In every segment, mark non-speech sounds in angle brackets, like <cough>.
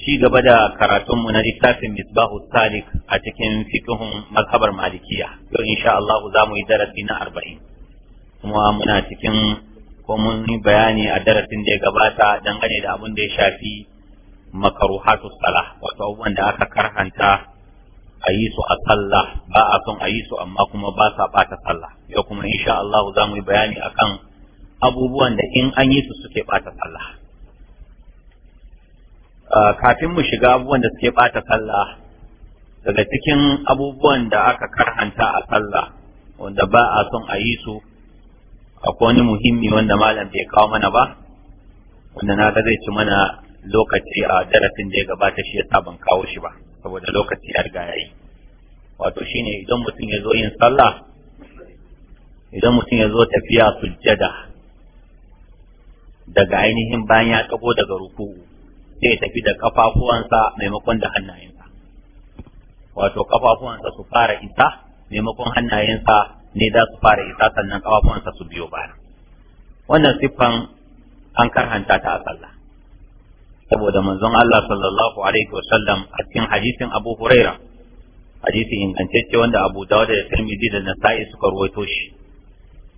ci gaba da karatunmu na littafin misbahu salik a cikin fikihun mazhabar malikiya yau insha Allah za mu yi darasi na arba'in kuma muna cikin ko bayani a darasin da ya gabata dangane da abin da ya shafi makaruhatu salah wato abubuwan da aka karhanta a yi su a sallah ba a son a yi su amma kuma ba sa bata sallah yau kuma insha Allah za mu yi bayani akan abubuwan da in an yi su suke bata sallah Ah, kafin mu shiga abubuwan da suke bata sallah daga cikin abubuwan da aka karhanta a sallah wanda ba a son a yi su akwai wani muhimmi wanda malam bai kawo mana ba wanda na ga zai ci mana lokaci a darasin da ya gabata shi ya sa ban kawo shi ba saboda lokaci ya riga yayi wato shine idan mutum ya zo yin sallah idan mutum ya zo tafiya sujjada daga ainihin bayan ya tsago daga ruku'u sai tafi da kafafuwansa maimakon da hannayensa wato kafafuwansa su fara isa maimakon hannayensa ne za su fara isa sannan kafafuwansa su biyo baya wannan siffan an karhanta ta a sallah saboda manzon Allah sallallahu alaihi wasallam a cikin hadisin Abu Huraira hadisi ingantacce wanda Abu Dawud da Tirmidhi da Nasa'i suka rawaito shi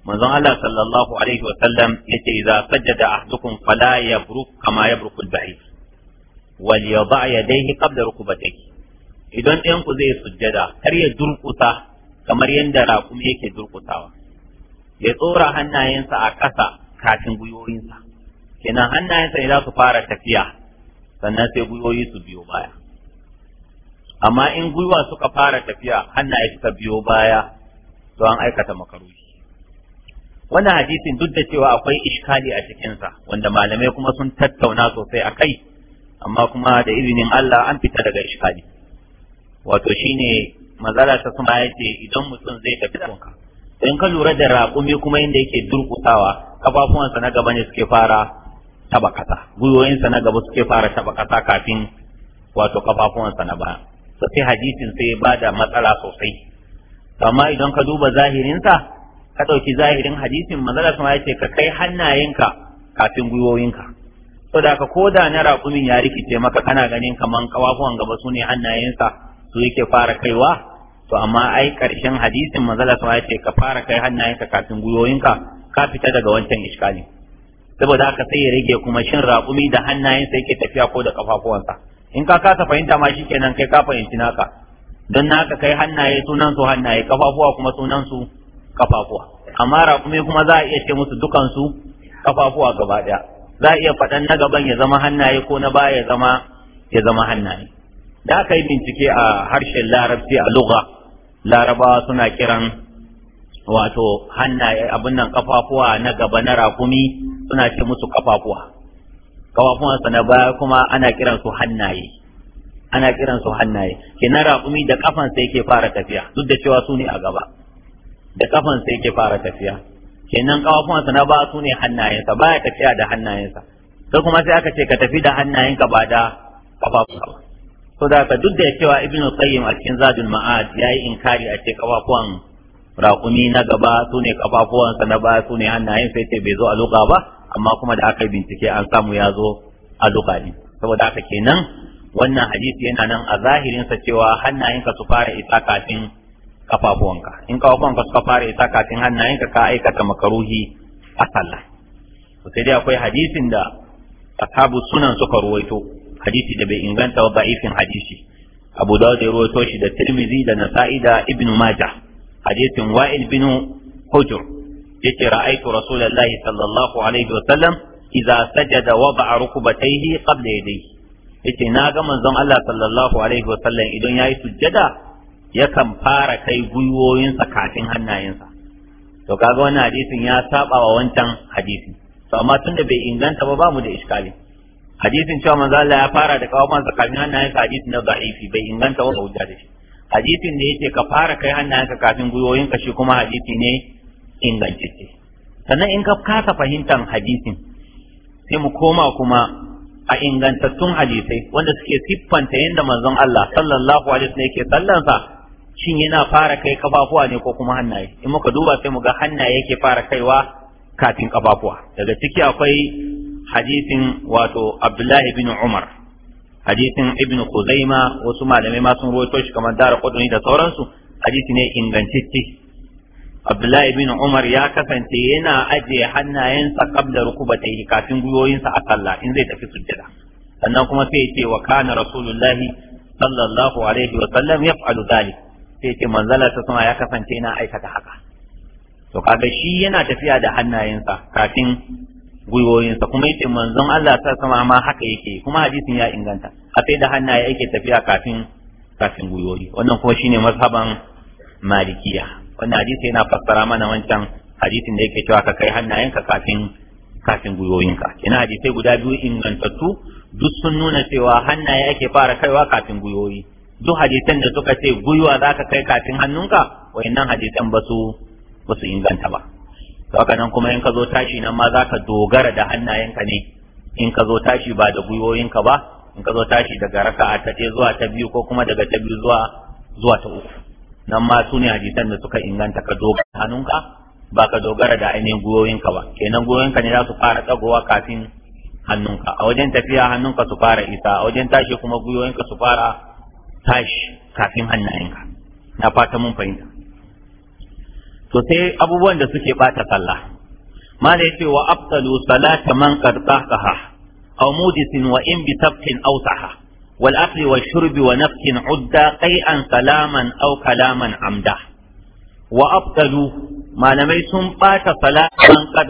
manzon Allah sallallahu alaihi wasallam yace idza sajjada ahdukum fala yabruk kama yabrukul ba'id wal yada yadayhi qabla rukubatayhi idan ɗayan zai sujjada har ya durkusa kamar yadda raƙum yake durkutawa ya tsora hannayensa a ƙasa kafin gwiwoyinsa kenan hannayensa ne za su fara tafiya sannan sai gwiwoyi su biyo baya amma in gwiwa suka fara tafiya hannaye suka biyo baya to an aikata makaruhi wannan hadisin duk da cewa akwai ishkali a cikinsa wanda malamai kuma sun tattauna sosai a kai amma kuma da izinin Allah an fita daga ishkali wato shine mazala ta kuma yace idan mutum zai tafi tunka in ka lura da raƙumi kuma inda yake durƙusawa kafafuwansa na gaba ne suke fara taba kasa gwiwoyinsa na gaba suke fara taba kasa kafin wato kafafuwansa na baya to sai hadisin sai ya bada matsala sosai amma idan ka duba zahirinsa ka ɗauki zahirin hadisin mazala kuma ya ce ka kai hannayenka kafin gwiwoyinka So da ka koda na rakumin ya rikice maka kana ganin kaman kawafuwan gaba sune ne hannayensa su yake fara kaiwa to amma ai ƙarshen hadisin manzala sa ka fara kai hannayenka kafin guyoyinka ka fita daga wancan iskali saboda haka sai ya rage kuma shin rakumi da hannayensa yake tafiya ko da kafafuwansa in ka kasa fahimta ma shikenan kai ka fahimci naka don naka kai hannaye sunan su hannaye kafafuwa kuma sunan su kafafuwa amma rakumi kuma za a iya ce musu dukansu kafafuwa gaba daya za a iya faɗan na gaban ya zama hannaye ko na baya ya zama ya zama hannaye da aka yi bincike a harshen larabci a lugha larabawa suna kiran wato hannaye abin nan kafafuwa na gaba na rakumi suna ce musu kafafuwa kafafuwansa na baya kuma ana kiran su hannaye ana kiran su hannaye kenan rakumi da sa yake fara tafiya duk da cewa su ne a gaba da sa yake fara tafiya kenan kafafunsa na ba su ne hannayensa baya tafiya da hannayensa sai kuma sai aka ce ka tafi da hannayenka ba da kafafunka ba so da ka duk da cewa ibnu qayyim a cikin zadul ma'ad yayi inkari a ce kafafuwan raƙumi na gaba su ne kafafuwansa na baya su ne hannayen sai ce bai zo a luka ba amma kuma da aka bincike an samu ya zo a luka ne saboda haka kenan wannan hadisi yana nan a zahirinsa cewa hannayenka su fara isa kafin kafafuwanka in kafafuwanka suka fara isa kafin hannayen ka aikata makaruhi a sallah to sai dai akwai hadisin da ashabu sunan suka ruwaito hadisi da bai inganta ba da'ifin hadisi abu dawud ya ruwaito shi da tirmizi da nasa'i da ibn majah hadisin wa'il bin hujr yace ra'aytu rasulullahi sallallahu alaihi wa sallam idza sajada wada'a ya qabla yadayhi yace na ga manzon Allah sallallahu alaihi wa sallam idan yayi sujjada yakan fara kai gwiwoyinsa kafin hannayensa to kaga wannan hadisin ya saba wa wancan hadisi to amma tunda bai inganta ba bamu da iskali hadisin cewa manzo Allah ya fara da kawamansa kafin hannayensa hadisin na da'ifi bai inganta ba hujja da shi hadisin da yake ka fara kai hannayenka kafin gwiwoyinka shi kuma hadisi ne ingantacce sannan in ka kasa fahimtar hadisin sai mu koma kuma a ingantattun hadisai wanda suke siffanta yadda manzon Allah sallallahu alaihi wasallam yake sallansa shin yana fara kai kafafuwa ne ko kuma hannaye in muka duba sai mu ga hannaye yake fara kaiwa kafin kafafuwa daga ciki akwai hadisin wato Abdullahi bin Umar hadisin Ibn Kuzaima, wasu malamai ma sun rawaito shi kamar Dara Qudni da sauransu hadisi ne ingantacce Abdullahi bin Umar ya kasance yana ajiye hannayensa qabla rukubatayhi kafin gwiwoyinsa a sallah in zai tafi sujjada sannan kuma sai ya ce wa kana rasulullahi sallallahu alaihi wa sallam yaf'alu dhalik sai ce manzala ta sama ya kasance na aikata haka to kaga shi yana tafiya da hannayensa kafin gwiwoyinsa kuma yake manzon Allah ta sama ma haka yake kuma hadisin ya inganta a sai da hannaye yake tafiya kafin kafin gwiwoyi wannan kuma shine mazhaban malikiya wannan hadisi yana fassara mana wancan hadisin da yake cewa ka kai hannayenka kafin kafin gwiwoyinka ina hadisai guda biyu ingantattu duk sun nuna cewa hannaye ake fara kaiwa kafin gwiwoyi duk hadisan da suka ce gwiwa za ka kai kafin hannunka wayannan hadisan ba su ba su inganta ba haka nan kuma in ka zo tashi nan ma za ka dogara da hannayenka ne in ka zo tashi ba da gwiwoyinka ba in ka zo tashi daga raka'a ta ɗaya zuwa ta biyu ko kuma daga ta biyu zuwa zuwa ta uku nan ma su ne hadisan da suka inganta ka dogara hannunka ba ka dogara da ainihin gwiwoyinka ba kenan gwiwoyinka ne za su fara tsagowa kafin hannunka a wajen tafiya hannunka su fara isa a wajen tashi kuma gwiwoyinka su fara tashi kafin hannayenka na fata mun fahimta to sai abubuwan da suke bata sallah mala yace wa afsalu salata man qad aw mudisin wa in bi tabtin aw saha wal akli wa shurbi wa nafkin udda qai'an salaman aw kalaman amda wa afsalu malamai sun bata salata man qad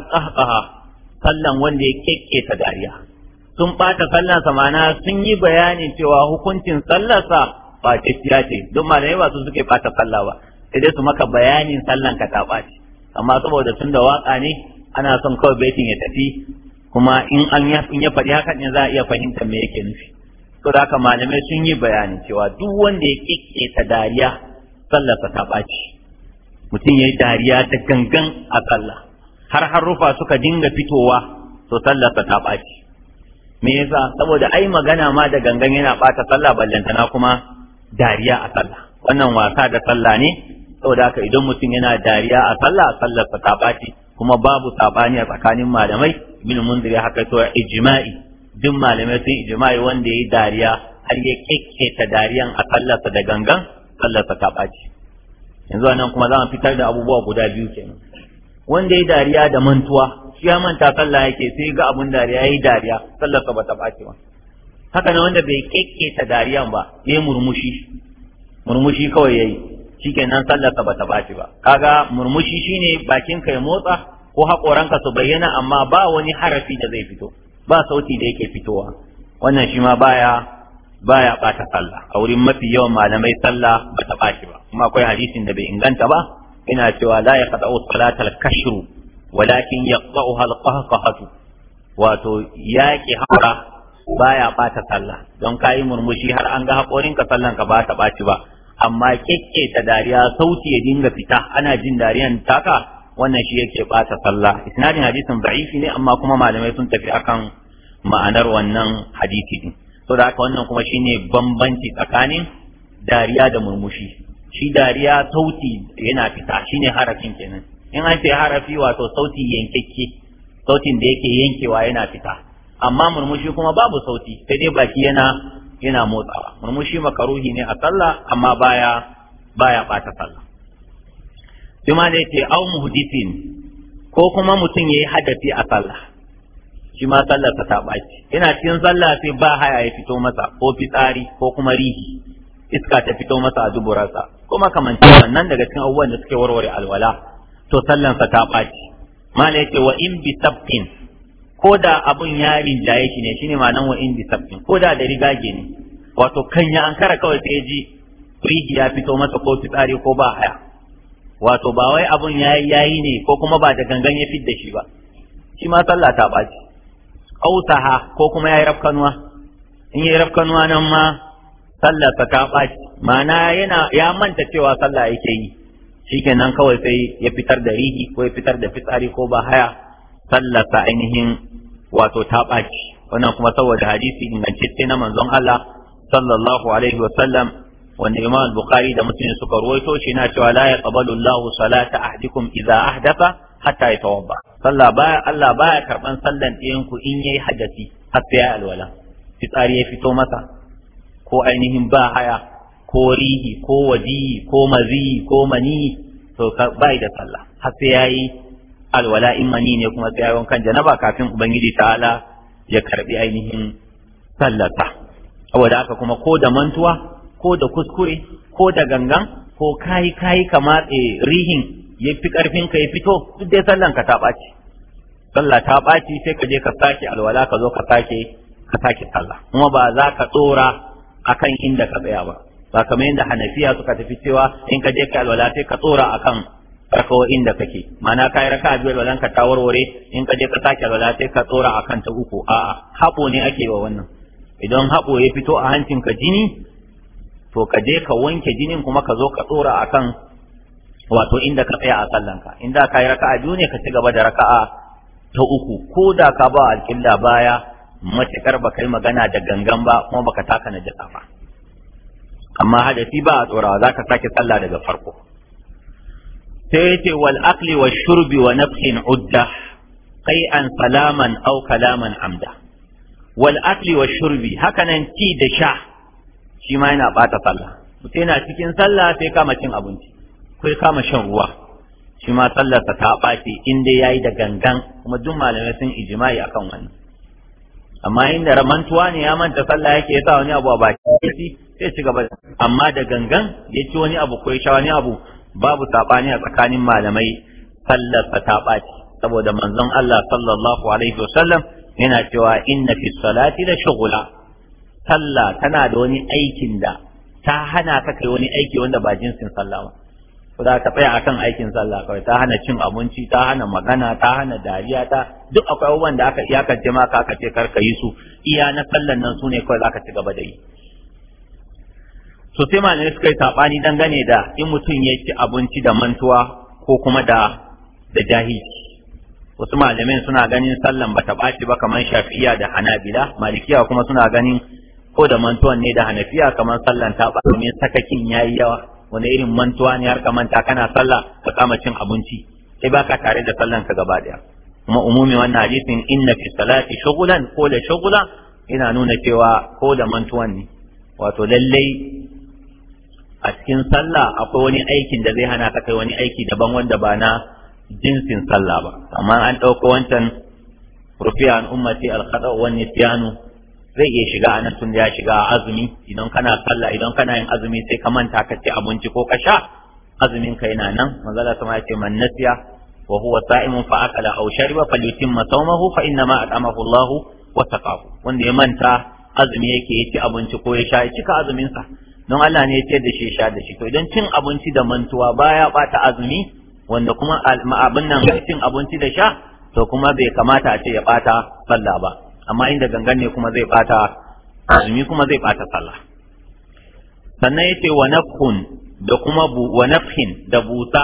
sallan wanda ya kekketa dariya sun bata sallansa mana sun yi bayanin cewa hukuncin sallarsa ya ce don malamai ba su suke ɓata sallah ba sai dai su maka bayanin sallan ka ta ɓaci amma saboda tun da waka ne ana son kawai baitin ya tafi kuma in an ya faɗi haka ne za a iya fahimtar me yake nufi to da haka malamai sun yi bayanin cewa duk wanda ya kikke ta dariya sallarsa ta ɓaci mutum ya yi dariya ta gangan a sallah har har rufa suka dinga fitowa to sallarsa ta ɓaci me yasa saboda ai magana ma da gangan yana ɓata sallah ballantana kuma dariya a sallah wannan wasa da sallah ne saboda haka idan mutum yana dariya a sallah sallar ta baci kuma babu sabani a tsakanin malamai min mun haka to ijma'i duk malamai sun ijma'i wanda yayi dariya har ya kekketa dariyan a sallar da gangan sallar ta baci yanzu anan kuma za mu fitar da abubuwa guda biyu kenan wanda yayi dariya da mantuwa shi ya manta sallah yake sai ga abun dariya yayi dariya sallar sa bata ba haka na wanda bai kekketa dariyan ba e murmushi murmushi kawai yayi shikenan sallarsa bata baci ba kaga murmushi shine bakin ka ya motsa ko haƙoranka su bayyana amma ba wani harafi da zai fito ba sauti da yake fitowa wannan shi ma baya baya bata sallah a wurin mafi yawan malamai sallah bata baci ba kuma akwai hadisin da bai inganta ba ina cewa la yaqta'u salatal kashru walakin yaqta'uha al-qahqahatu wato yaƙi haƙura baya bata sallah don yi murmushi har an ga haƙorin ka sallan ka bata baci ba amma kekke ta dariya sauti ya dinga fita ana jin dariyan taka wannan shi yake bata sallah isnadin hadisin da'ifi ne amma kuma malamai sun tafi akan ma'anar wannan hadisi din to da haka wannan kuma shine bambanci tsakanin dariya da murmushi shi dariya sauti yana fita shine harafin kenan in an ce harafi wato sauti yankekke sautin da yake yankewa yana fita amma murmushi kuma babu sauti sai dai baki yana yana motsawa murmushi makaruhi ne a sallah amma baya baya bata sallah sai ma dai ce au muhdithin ko kuma mutum yayi hadafi a sallah shi ma sallar ta baci yana cikin sallah sai ba haya ya fito masa ko fitsari ko kuma rihi iska ta fito masa a duburarsa kuma cewa nan daga cikin abubuwan da suke warware alwala to sallansa ta baci ne ce wa in bi sabqin ko da abun ya rinja yake ne shine ma nan wa indi sabbin, ko da da gine. ne wato kan ya an kara kawai sai ji rigi ya fito masa ko fitsari ko ba haya wato ba wai abun ya yayi ne ko kuma ba da gangan ya da shi ba shi ma sallah ta baci ausaha ko kuma yayi rafkanuwa in yayi rafkanuwa nan ma sallah ta baci ma'ana yana ya manta cewa sallah yake yi shikenan kawai sai ya fitar da rigi ko ya fitar da fitsari ko ba haya sallata ainihin wato ta ɓaci wannan kuma saboda hadisi ingantacce na manzon Allah sallallahu alaihi wa sallam wanda Imam Bukhari da Muslim suka ruwaito shi na cewa la yaqbalu Allahu salata ahdikum idza ahdatha hatta yatawabba sallah baya Allah baya karban sallan ɗayan ku in yayi hadasi har sai ya alwala fitsari ya fito masa ko ainihin ba haya ko rihi ko waji ko mazi ko mani to bai da sallah har sai yayi alwala in mani ne kuma sai kan janaba kafin ubangiji ta'ala ya karbi ainihin sallata saboda haka kuma ko da mantuwa ko da kuskure ko da gangan ko kayi kayi kamar rihin ya fi karfin ka ya fito duk dai sallan ka ta ɓaci sallah ta ɓaci sai ka je ka sake alwala ka zo ka sake ka sake sallah kuma ba za ka tsora akan inda ka tsaya ba ba kamar yadda hanafiya suka tafi cewa in ka je ka alwala sai ka tsora akan rakawoyin inda kake mana kai raka biyar ba ka ta warware in ka je ka sake ba sai ka tsora akan ta uku a'a haɓo ne ake wa wannan idan haɓo ya fito a hancin ka jini to ka je ka wanke jinin kuma ka zo ka tsora akan wato inda ka tsaya a sallanka in da kayi raka'a biyu ne ka ci gaba da raka'a ta uku ko da ka ba alƙilla baya matuƙar ba kai magana da gangan ba kuma baka taka na jaka ba amma hadafi ba a tsorawa za ka sake sallah daga farko sai yace wal aqli wa shurbi wa nafsin udda qai'an salaman aw kalaman amda wal aqli wa shurbi hakanan ci da sha shi ma yana bata sallah mutum yana cikin sallah sai kama cin abinci ko kama shan ruwa shi ma sallarsa ta ɓaci in dai yayi da gangan kuma duk malamai sun ijma'i akan wannan amma inda ramantuwa ne ya manta sallah yake yasa wani abu a baki sai ci gaba amma da gangan ya ci wani abu ko ya sha wani abu babu saɓani a tsakanin malamai sallar ta ɓaci saboda manzon Allah sallallahu alaihi wasallam yana cewa inna fi salati la shughla sallah tana da wani aikin da ta hana ka kai wani aiki wanda ba jinsin sallah ba ko za ka tsaya akan aikin sallah kawai ta hana cin abinci ta hana magana ta hana dariya ta duk akwai abubuwan da aka iyakance ma ka aka ce kar yi su iya na sallan nan sune kawai za ka ci gaba da yi so sai malamai suka yi sabani dangane da in mutum ya ci abinci da mantuwa ko kuma da da wasu malamai suna ganin sallan ba ta ɓaci ba kamar shafiya da hanabila malikiya kuma suna ganin ko da mantuwan ne da hanafiya kamar sallan ta ɓaci domin sakakin yayi yawa wani irin mantuwa ne har ka manta kana sallah ka kama cin abinci sai baka tare da sallan ka gaba daya kuma umumi wannan hadisin inna fi salati shughlan ko da shughla ina nuna cewa ko da mantuwan ne wato lallai a cikin sallah akwai wani aikin da zai hana ka kai wani aiki daban wanda ba na jinsin sallah ba amma an ɗauka wancan rufiya an ummati alkhada wa nisyanu zai iya shiga a nan tun ya shiga azumi idan kana sallah idan kana yin azumi sai ka manta ka ci abinci ko ka sha azumin ka yana nan manzala sama ya ce man nasiya wa huwa sa'imun fa akala aw shariba falyutimma sawmahu fa inna ma at'amahu Allah wa taqahu wanda ya manta azumi yake ya ci abinci ko ya sha ya cika azumin sa don Allah ne ya ce da shi sha da shi to idan cin abinci da mantuwa baya bata azumi wanda kuma abin nan cin abinci da sha to kuma bai kamata a ce ya bata sallah ba amma inda gangan ne kuma zai bata azumi kuma zai bata sallah sannan yace wa nafhun da kuma wa nafhin da busa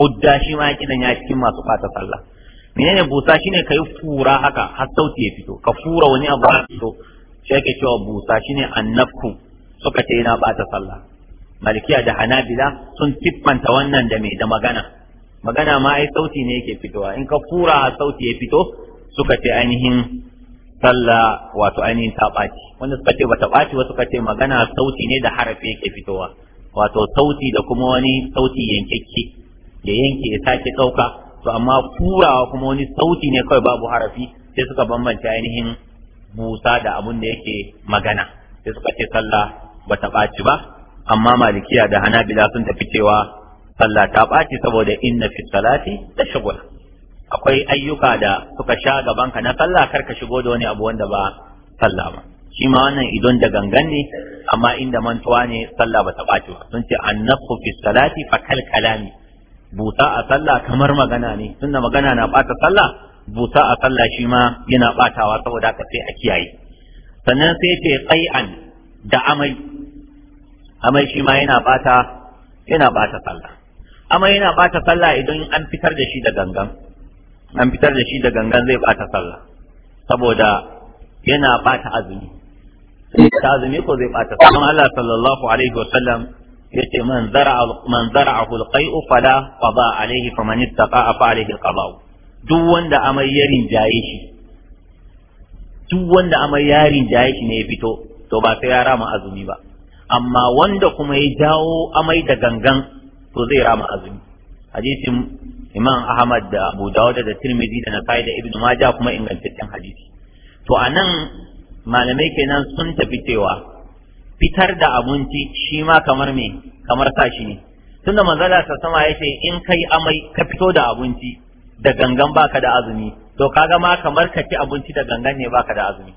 hudda shi ma kidan ya cikin masu bata sallah menene busa shine kai fura haka har sauti ya fito ka fura wani abu ya fito shi cewa busa shine annafku suka ce yana bata sallah malikiya da hanabila sun tiffanta wannan da mai da magana magana ma ai sauti ne yake fitowa in ka fura sauti ya fito suka ce ainihin sallah wato ainihin ta ɓaci wanda suka ce ba ta ɓaci wasu suka ce magana sauti ne da harafi yake fitowa wato sauti da kuma wani sauti yankekke ya yanke ya sake ɗauka to amma furawa kuma wani sauti ne kawai babu harafi sai suka bambanta ainihin musa da abun da yake magana sai suka ce sallah bata ɓaci ba amma malikiya da hanabila sun tafi cewa sallah ta ɓaci saboda inna fi salati da shagula akwai ayyuka da suka sha gaban ka na sallah kar ka shigo da wani abu wanda ba sallah ba shi ma wannan idon da gangan ne amma inda mantuwa ne sallah ba ta ɓaci ba sun ce annasu fi salati fa kalkala ne. buta a sallah kamar magana ne tunda magana na ɓata sallah buta a sallah shi ma yana ɓatawa saboda haka sai a kiyaye sannan sai ce tsai'an da amai amai shi ma yana bata yana bata sallah amai yana bata sallah idan an fitar da shi da gangan an fitar da shi da gangan zai bata sallah saboda yana bata azumi ta azumi ko zai bata sallah Amma Allah sallallahu alaihi wasallam yace man zara'a man zara'ahu alqai'u fala qada alaihi faman ittaqa fa alaihi alqada duk wanda amai ya rinjaye shi duk wanda amai ya rinjaye shi ne ya fito to ba sai ya rama azumi ba amma wanda kuma ya jawo amai da gangan to zai rama azumi hadisin imam ahmad da abu dawud da tirmidhi da nasai da ibnu majah kuma ingantaccen hadisi to anan malamai kenan sun tafi cewa fitar da abinci shi ma kamar me kamar sashi ne tunda manzala ta sama ya ce in kai amai ka fito da abinci da gangan baka da azumi to kaga ma kamar ka ci abinci da gangan ne baka da azumi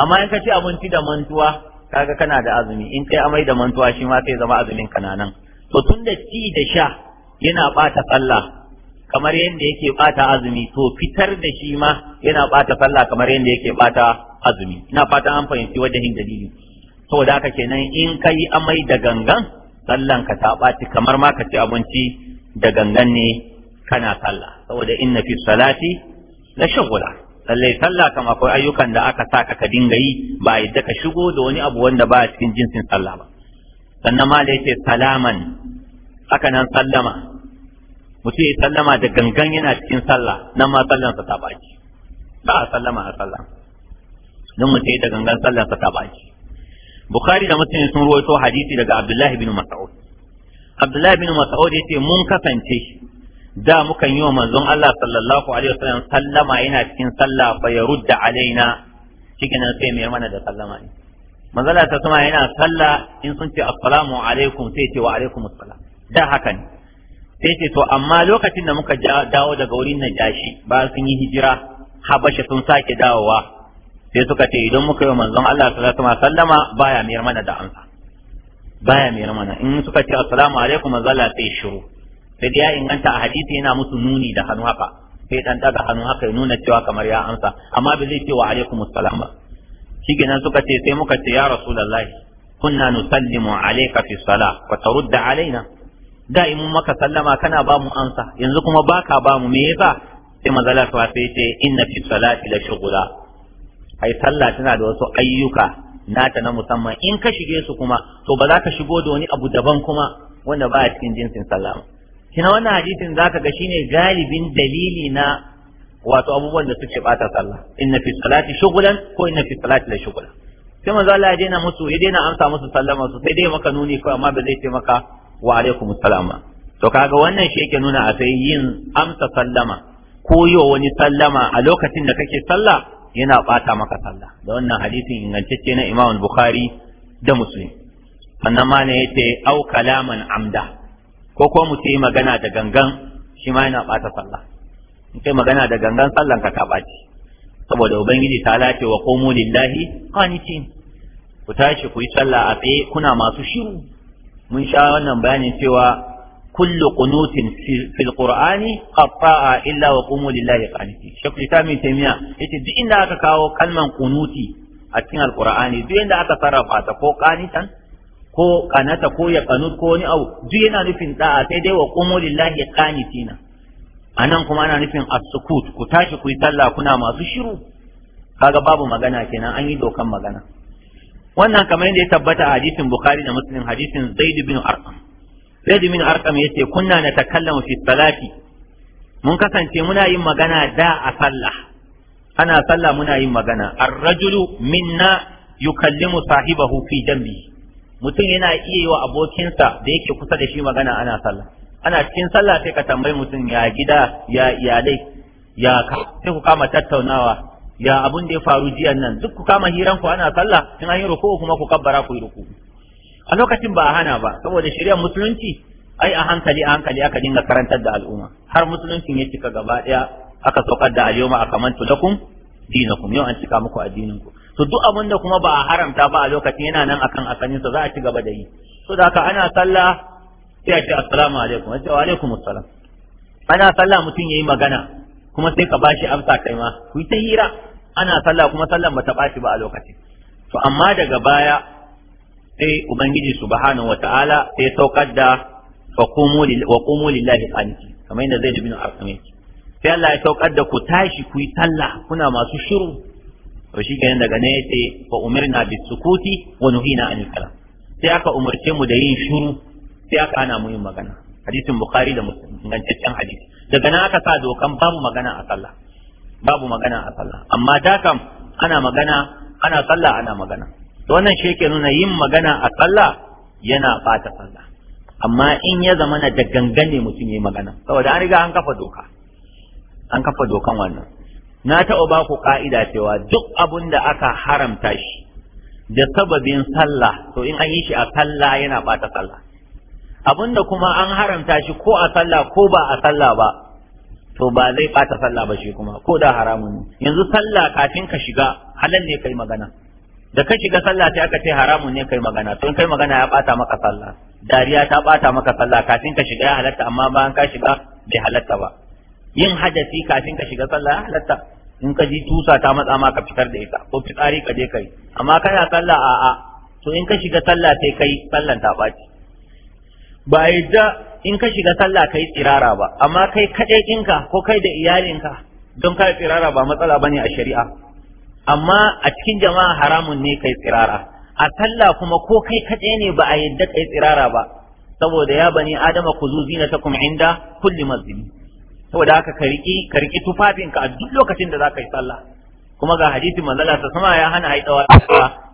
amma in ka ci abinci da mantuwa kaga kana da azumi in kai amai da mantuwa shi ma sai zama azumin ka nan, to tun da ci da sha yana bata sallah kamar yadda yake bata azumi to fitar da shi ma yana bata sallah kamar yadda yake bata azumi ina fata an fahimci wajahin dalili saboda haka kenan in kai amai da gangan sallan ka ta ɓaci kamar ma ka ci abinci da gangan ne kana sallah saboda inna fi salati la shagula lallai sallah kam akwai ayyukan da aka saka ka dinga yi ba yadda ka shigo da wani abu wanda ba cikin jinsin sallah ba sannan ma da yake salaman haka nan sallama mutum ya sallama da gangan yana cikin sallah nan ma sallansa ta baki ba a sallama a sallah don mutum ya da gangan sallansa ta baki bukhari da muslim sun ruwaito hadisi daga abdullahi bin mas'ud abdullahi bin mas'ud yace mun kasance da mukan yi wa manzon Allah sallallahu alaihi wasallam sallama yana cikin sallah fa yarudda alaina cikin sai mai mana da sallama ne manzon Allah sama yana sallah in sun ce assalamu alaikum sai ce wa alaikum assalam da haka ne sai ce to amma lokacin da muka dawo daga wurin Najashi ba sun yi hijira Habasha sun sake dawowa sai suka ce idan muka yi wa manzon Allah sallallahu alaihi wasallam sallama baya mai mana da amsa baya mai mana in suka ce assalamu alaikum manzon Allah sai shiru sai ya inganta a hadisi yana musu nuni da hannu haka sai dan daga hannu haka ya nuna cewa kamar ya amsa amma bai zai ce wa alaikumus salam ba shikenan suka ce sai muka ce ya rasulullahi kunna nusallimu alayka fi salah wa tarudda alaina da mun maka sallama kana ba mu amsa yanzu kuma baka ba mu me yasa sai mazalar ta sai ce inna fi salati la shughula ai sallah tana da wasu ayyuka nata na musamman in ka shige su kuma to ba za ka shigo da wani abu daban kuma wanda ba a cikin jinsin sallama kina wannan hadisin zaka ga shine galibin dalili na wato abubuwan da suke bata sallah inna fi salati shughlan ko inna fi salati la shughla sai manzo Allah ya daina musu ya daina amsa musu sallama su sai dai maka nuni ko amma ba zai ce maka wa alaikum assalam to kaga wannan shi yake nuna a sai yin amsa sallama ko yi wani sallama a lokacin da kake sallah yana bata maka sallah da wannan hadisin ingantacce na Imam Bukhari da Muslim sannan ne yace au kalaman amda ko kuma mu yi magana da gangan shi ma yana ɓata sallah in kai magana da gangan sallan ka ta ɓaci saboda ubangiji ta lace wa qumu lillahi qanitin ku tashi ku yi sallah a tsaye kuna masu shiru mun sha wannan bayanin cewa kullu qunutin fil qur'ani qata'a illa wa qumu lillahi qanitin shekul tamin taymiya yace duk inda aka kawo kalman qunuti a cikin alqur'ani duk inda aka sarrafa ta ko qanitan ko kanata ko ya kanut ko wani abu duk yana nufin da'a sai dai wa qumu lillahi qanitina anan kuma ana nufin as-sukut ku tashi ku yi sallah kuna masu shiru kaga babu magana kenan an yi dokan magana wannan kamar yadda ya tabbata a hadisin bukhari da muslim hadisin zaid bin arqam zaid bin arqam yace kunna natakallamu fi salati mun kasance muna yin magana da a sallah ana sallah muna yin magana ar-rajulu minna yukallimu sahibahu fi jambi mutum yana iya yi wa abokinsa da yake kusa da shi magana ana sallah ana cikin sallah sai ka tambayi mutum ya gida ya iyalai ya sai ku kama tattaunawa ya abun da ya faru jiyan nan duk ku kama hiran ku ana sallah in an yi ruku kuma ku kabbara ku yi ruku a lokacin ba a hana ba saboda shari'ar musulunci ai a hankali a hankali aka dinga karantar da al'umma har musuluncin ya cika gaba daya aka saukar da al kamar akamantu lakum dinakum yau an cika muku addinin ku to duk abin da kuma ba a haramta ba a lokacin yana nan akan sa, za a ci gaba da yi so da haka ana sallah sai a ce assalamu alaikum sai wa alaikum assalam ana sallah mutum yayi magana kuma sai ka bashi amsa kai ma ku yi ta hira ana sallah kuma sallan bata bashi ba a lokacin to amma daga baya sai ubangiji subhanahu wataala sai saukar da wa qumu lillahi qanitin kamar yadda zaid bin arqam sai Allah ya saukar da ku tashi ku yi sallah kuna masu shiru to shi kenan daga ne yace fa umirna bisukuti wa nuhina anil kalam sai aka umarce mu da yin shiru sai aka ana mu yin magana hadisin bukhari da muslim ingantaccen hadisi daga nan aka sa dokan babu magana a sallah babu magana a sallah amma da kam ana magana ana sallah ana magana to wannan shi yake nuna yin magana a sallah yana fata sallah amma in ya zama na da gangane ne mutum ya yi magana saboda an riga an kafa doka an kafa dokan wannan na taɓa ba ku ƙa'ida cewa duk abin da aka haramta shi da sababin sallah to in an yi shi a sallah yana ɓata sallah abin da kuma an haramta shi ko a sallah ko ba a sallah ba to ba zai ɓata sallah ba shi kuma ko da haramun ne yanzu sallah kafin ka shiga halal ne kai magana da ka shiga sallah sai aka ce haramun ne kai magana to in kai magana ya ɓata maka sallah dariya ta ɓata maka sallah kafin ka shiga ya halatta amma bayan ka shiga bai halatta ba yin hadasi kafin ka shiga sallah halatta in ka ji tusa ta matsa ma ka fitar da ita ko fitsari ka je kai amma kana sallah a a to in ka shiga sallah sai kai sallan ta baci ba yadda in ka shiga sallah kai tsirara ba amma kai kaɗai ɗinka ko kai da iyalinka don kai tsirara ba matsala bane a shari'a amma a cikin jama'a haramun ne kai tsirara a sallah kuma ko kai kaɗai ne ba a yadda kai tsirara ba saboda ya bani adama ku ta kuma inda kulli masjidi saboda haka karki karki tufafinka a duk lokacin da zaka yi sallah kuma ga hadisin manzala Allah sama ya hana haidawa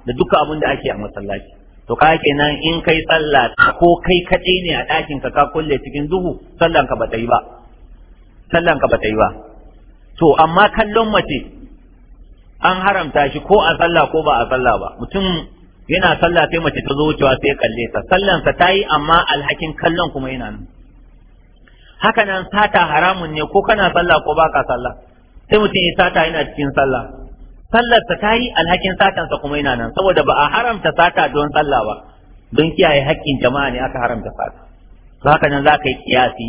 da duka abin da ake a masallaci to ka kenan in kai sallah ko kai kaɗai ne a ɗakin ka ka kulle cikin duhu sallan ka bata yi ba sallan ka bata yi ba to amma kallon mace an haramta shi ko a sallah ko ba a sallah ba mutum yana sallah sai mace ta zo wucewa sai kalle ta sallan ta tayi amma alhakin kallon kuma yana nan haka nan sata haramun ne ko kana sallah ko baka sallah sai mutum ya sata yana cikin sallah sallar ta tayi alhakin satan sa kuma yana nan saboda ba a haramta sata don sallah ba don kiyaye haƙƙin jama'a ne aka haramta sata to haka nan za ka yi kiyasi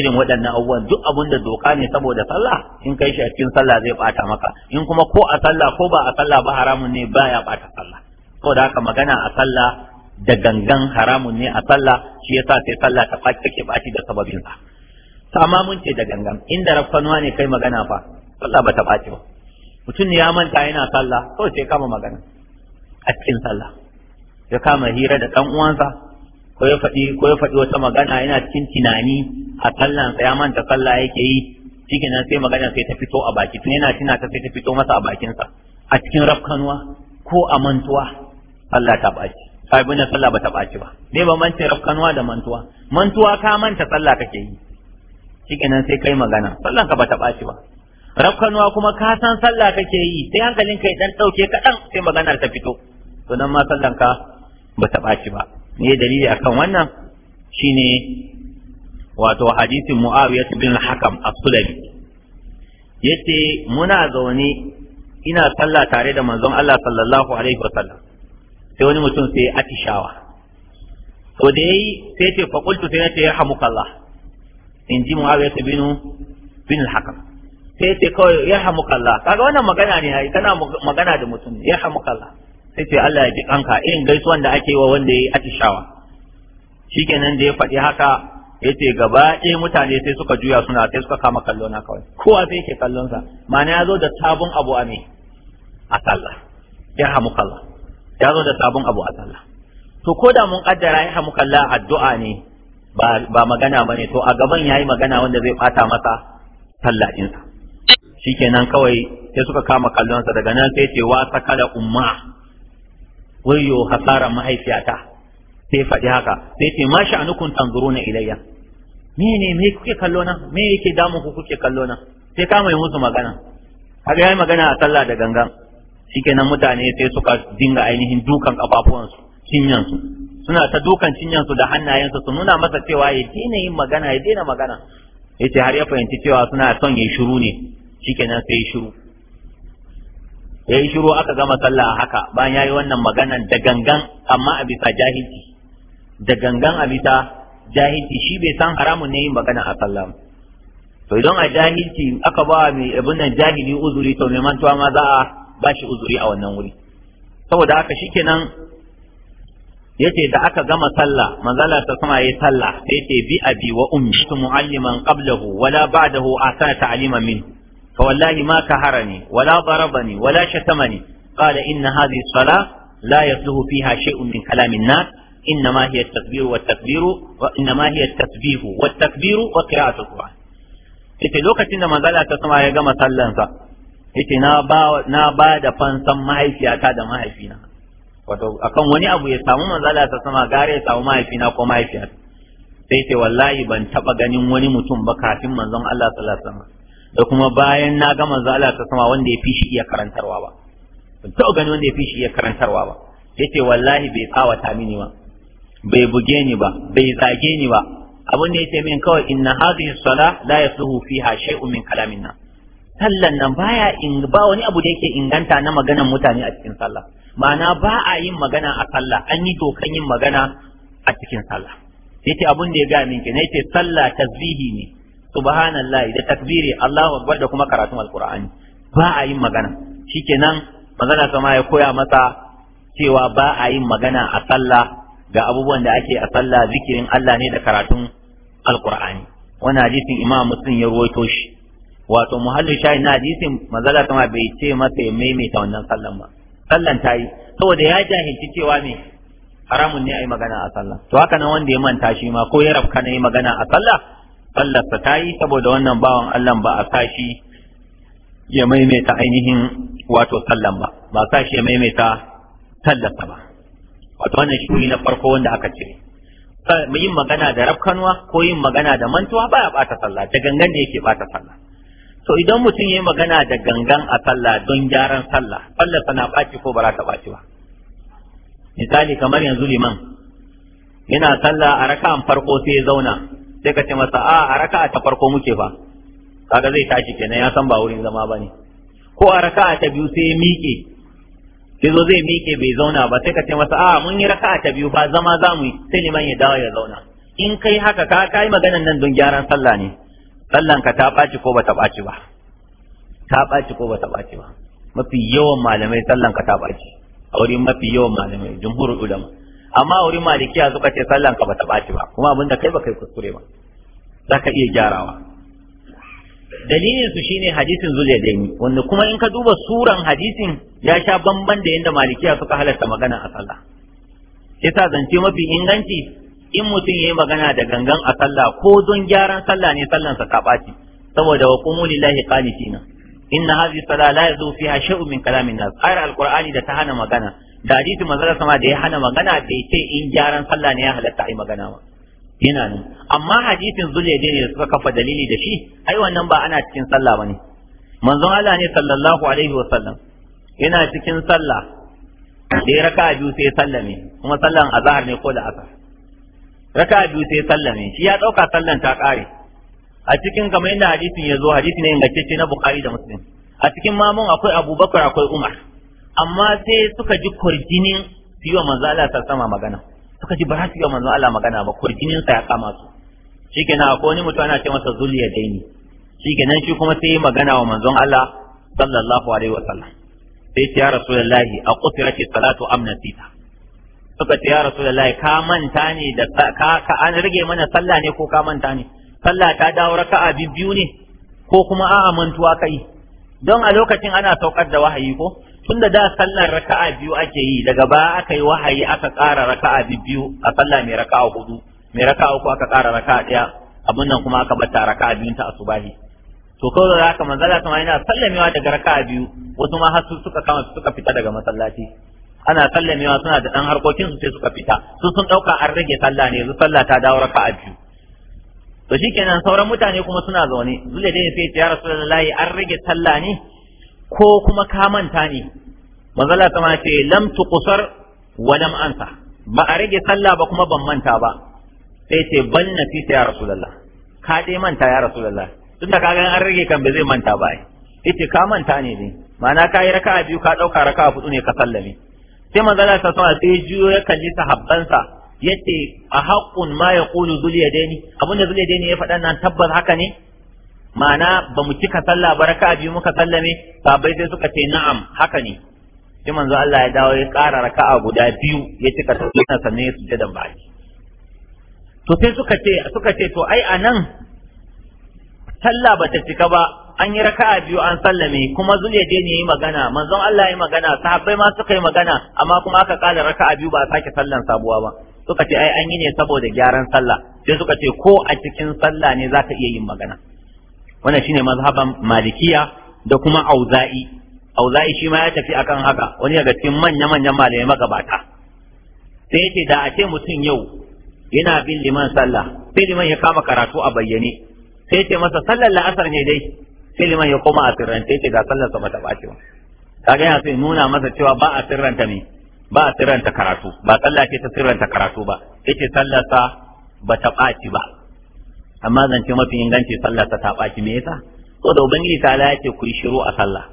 irin waɗannan abubuwan duk abun da doka ne saboda sallah in kai shi a cikin sallah zai bata maka in kuma ko a sallah ko ba a sallah ba haramun ne baya bata sallah saboda haka magana a sallah da gangan haramun ne a sallah shi yasa sai sallah ta take baci da sababin sa amma mun ce da gangan inda rafkanuwa ne kai magana fa sallah ba ta ɓaci ba mutum ya manta yana sallah kawai sai kama magana a cikin sallah ya kama hira da ɗan uwansa ko ya faɗi ko ya faɗi wata magana yana cikin tunani a sallansa ya manta sallah yake yi cikin nan sai magana sai ta fito a baki tun yana tuna ta sai ta fito masa a bakinsa a cikin rafkanuwa ko a mantuwa Allah ta ɓaci abin da sallah ba ta ɓaci ba Ne ba mance rafkanuwa da mantuwa mantuwa ka manta sallah kake yi shikenan sai kai magana sallan ka ta ɓaci ba rakkanuwa kuma ka san sallah kake yi sai hankalin ka idan ɗauke kaɗan sai maganar ta fito to nan ma sallan ka ta ɓaci ba ne dalili akan wannan shine wato hadisin mu'awiyah bin al-hakam as-sulami yace muna zaune ina sallah tare da manzon Allah sallallahu alaihi wasallam sai wani mutum sai atishawa to da yayi sai ce fa qultu sai ya ce yarhamukallah in ji muawiya ta binu bin al-hakam sai ce kawai ya hamukalla kaga wannan magana ne ai kana magana da mutum ya kalla. sai ce Allah ya ji kanka irin gaisuwan da ake wa wanda yayi atishawa shikenan da ya faɗi haka yace gaba ɗaya mutane sai suka juya suna sai suka kama kallo na kawai kowa sai yake kallon sa ma'ana ya zo da sabon abu a ne a sallah ya kalla. ya zo da sabon abu a sallah to ko da mun kaddara ya kalla addu'a ne ba magana ba ne to a gaban ya yi magana wanda zai bata masa sallah ɗinsa shikenan kawai sai suka kama kallonsa daga nan sai ce wa sakala umma wayo hasara mahaifiyata sai faɗi haka sai ce ma sha'anukum tanzuruna ilayya mene me kuke kallo na me yake damun ku kuke kallo na sai kama yi musu magana kaga yayi magana a sallah da gangan shikenan mutane sai suka dinga ainihin dukan kafafuwansu cinyansu suna ta dukan su da hannayensu su nuna masa cewa ya daina yin magana ya daina magana yace har ya fahimci cewa suna son yayi shiru ne shikenan sai ya shiru ya yi shiru aka gama sallah haka bayan ya yi wannan maganan da gangan amma a bisa jahilci da gangan a bisa jahilci shi bai san haramun ne yin magana a sallah to idan a jahilci aka ba wa mai abin nan jahili uzuri to mai mantuwa ma za a ba shi uzuri a wannan wuri saboda haka shikenan yace da aka gama sallah manzala ta sama yi sallah sai ce bi abi wa ummi mualliman qablahu wala ba'dahu asana ta'liman min fa wallahi ma kaharani wala darabani wala shatamani qala inna hadhihi salah la yasluhu fiha shay'un min kalamin nas إنما هي التكبير tasbihu, wa هي التسبيح والتكبير وقراءة القرآن yace lokacin da manzala ta sama ya gama sallansa yace na ba na ba da fansan mahaifiyata da mahaifina wato akan wani abu ya samu manzala ta sama gare ya samu mahaifina ko mahaifiyar sai ce wallahi ban taba ganin wani mutum ba kafin manzon Allah sallallahu alaihi wasallam da kuma bayan na ga manzon Allah ta sama wanda ya fi shi iya karantarwa ba ban taba ganin wanda ya fi shi iya karantarwa ba Sai ce wallahi bai tsawata mini ba bai buge ni ba bai zage ni ba abin da yake min kawai inna hadhihi salah la yasuhu fiha shay'un min kalamina sallan nan baya in ba wani abu da yake inganta na maganar mutane a cikin sallah ma'ana ba a yin magana a sallah an yi dokan yin magana a cikin sallah yace abun da ya ga min kenan yace sallah tasbihi ne subhanallahi da takbiri Allahu akbar da kuma karatun alqur'ani ba a yin magana shikenan magana sama ya koya masa cewa ba a yin magana a sallah ga abubuwan da ake a sallah zikirin Allah ne da karatun alqur'ani wannan hadisin Imam Muslim ya ruwaito shi wato muhallin shayin na hadisin manzala sama bai ce masa ya maimaita wannan sallan ba sallan ta yi saboda ya jahilci cewa me haramun ne a yi magana a sallah to haka nan wanda ya manta shi ma ko ya rafka na yi magana a sallah sallarsa ta yi saboda wannan bawan Allah ba a sa shi ya maimaita ainihin wato sallan ba ba sa shi ya maimaita sallarsa ba wato wannan shi na farko wanda aka ce yin magana da rafkanwa ko yin magana da mantuwa baya bata sallah da gangan ne yake bata sallah to idan mutum ya magana da gangan a sallah don gyaran sallah sallah sana ɓaci ko ba za ta ɓaci ba misali kamar yanzu liman yana sallah a raka'an farko sai ya zauna sai ka ce masa a a raka'a ta farko muke fa kaga zai tashi kenan ya san ba wurin zama ba ne. ko a raka'a ta biyu sai ya miƙe sai zo zai miƙe bai zauna ba sai ka ce masa a mun yi raka'a ta biyu ba zama za mu yi sai liman ya dawo ya zauna in kai haka ka kai maganan nan don gyaran sallah ne sallanka ta ɓaci ko ba ta ɓaci ba ta ɓaci ko ba ta ɓaci ba mafi yawan malamai sallanka ta ɓaci a wurin mafi yawan malamai jumhur ulama amma wurin malikiya suka ce sallanka ba ta ɓaci ba kuma abin da kai ba kai kuskure ba za ka iya gyarawa dalilin su shine hadisin zuliyadaini wanda kuma in ka duba suran hadisin ya sha bamban da yadda malikiya suka halarta magana a sallah yasa zance mafi inganci in mutum yayi magana da gangan a sallah ko don gyaran sallah ne sallansa ta ɓaci saboda wa qumu lillahi qanitina inna hadhihi salah la yazu fiha shay'un min kalamin nas ayar alqur'ani da ta hana magana da hadisi manzon sama da ya hana magana bai ce in gyaran sallah ne ya halatta ai magana ba yana nan amma hadisin zuliyadi ne da suka kafa dalili da shi ai wannan ba ana cikin sallah bane manzon Allah ne sallallahu alaihi wa sallam yana cikin sallah da ya raka biyu sai sallame kuma sallan azhar ne ko da asar raka biyu sai sallame shi ya dauka sallan ta kare a cikin kamar inda hadisin ya zo hadisi ne ingantacce na bukari da muslim a cikin mamun akwai abubakar akwai umar amma sai suka ji kurjinin su yi wa manzo Allah ta sama magana suka ji ba za su yi wa manzo Allah magana ba kurjinin sa ya kama su shikenan akwai wani mutum ana ce masa zuliya daini shikenan shi kuma sai magana wa manzon Allah sallallahu alaihi wa sallam sai ya rasulullahi a qutirati salatu sita. suka ce ya rasu ka manta ne da ka an rage mana sallah ne ko ka manta ne sallah ta dawo raka'a biyu ne ko kuma a'a mantuwa kai don a lokacin ana saukar da wahayi ko tunda da sallar raka'a biyu ake yi daga ba aka yi wahayi aka ƙara raka'a biyu a sallah mai raka'a hudu mai raka'a uku aka ƙara raka'a ɗaya abin nan kuma aka bata raka'a biyun ta asubahi to kawai da haka manzala kuma yana sallamewa daga raka'a biyu wasu ma har suka kama suka fita daga masallaci ana sallamewa suna da dan harkokin su sai suka fita su sun dauka an rage sallah ne yanzu sallah ta dawo raka'a biyu to shikenan sauran mutane kuma suna zaune zule dai sai ya rasulullahi an rage sallah ne ko kuma ka manta ne manzala ta ce lam tuqsar wa lam ansa ba a rage sallah ba kuma ban manta ba sai ce na fi ya rasulullah ka dai manta ya rasulullah da kaga an rage kan ba zai manta ba ai yace ka manta ne ne ma'ana ka yi raka'a biyu ka dauka raka'a hudu ne ka sallame sai manzala ta sama sai juyo ya kalli sahabbansa yace a haqqun ma yaqulu zul yadaini abunda zul yadaini ya faɗa nan tabbas haka ne ma'ana ba mu cika sallah baraka bi biyu muka sallame sahabbai sai suka ce na'am haka ne sai manzo Allah ya dawo ya ƙara raka'a guda biyu ya cika sallah sannan ya sujjadan baki to sai suka ce suka ce to ai anan sallah bata cika ba an yi raka'a biyu an sallame kuma zuliyade ne yi magana manzon Allah yi magana sahabbai ma suka yi magana amma kuma aka kala raka'a biyu ba a sake sallan sabuwa ba suka ce ai an yi ne saboda gyaran sallah sai suka ce ko a cikin sallah ne zaka iya yin magana wannan shine mazhaban malikiya da kuma auza'i auza'i shi ma ya tafi akan haka wani daga cikin manya manyan malamai magabata sai yace da a ce mutum yau yana bin liman sallah sai liman ya kama karatu a bayyane sai ce masa sallar la'asar ne dai sai liman ya koma a sirrance ce ga sallar sa bata bace ba kaga yana sai nuna masa cewa ba a sirranta me ba a sirranta karatu ba sallah ce ta sirranta karatu ba yace sallar sa bata baci ba amma zance mafi inganci sallar sa ta baci me yasa saboda ubangiji ta ya ce ku yi shiru a sallah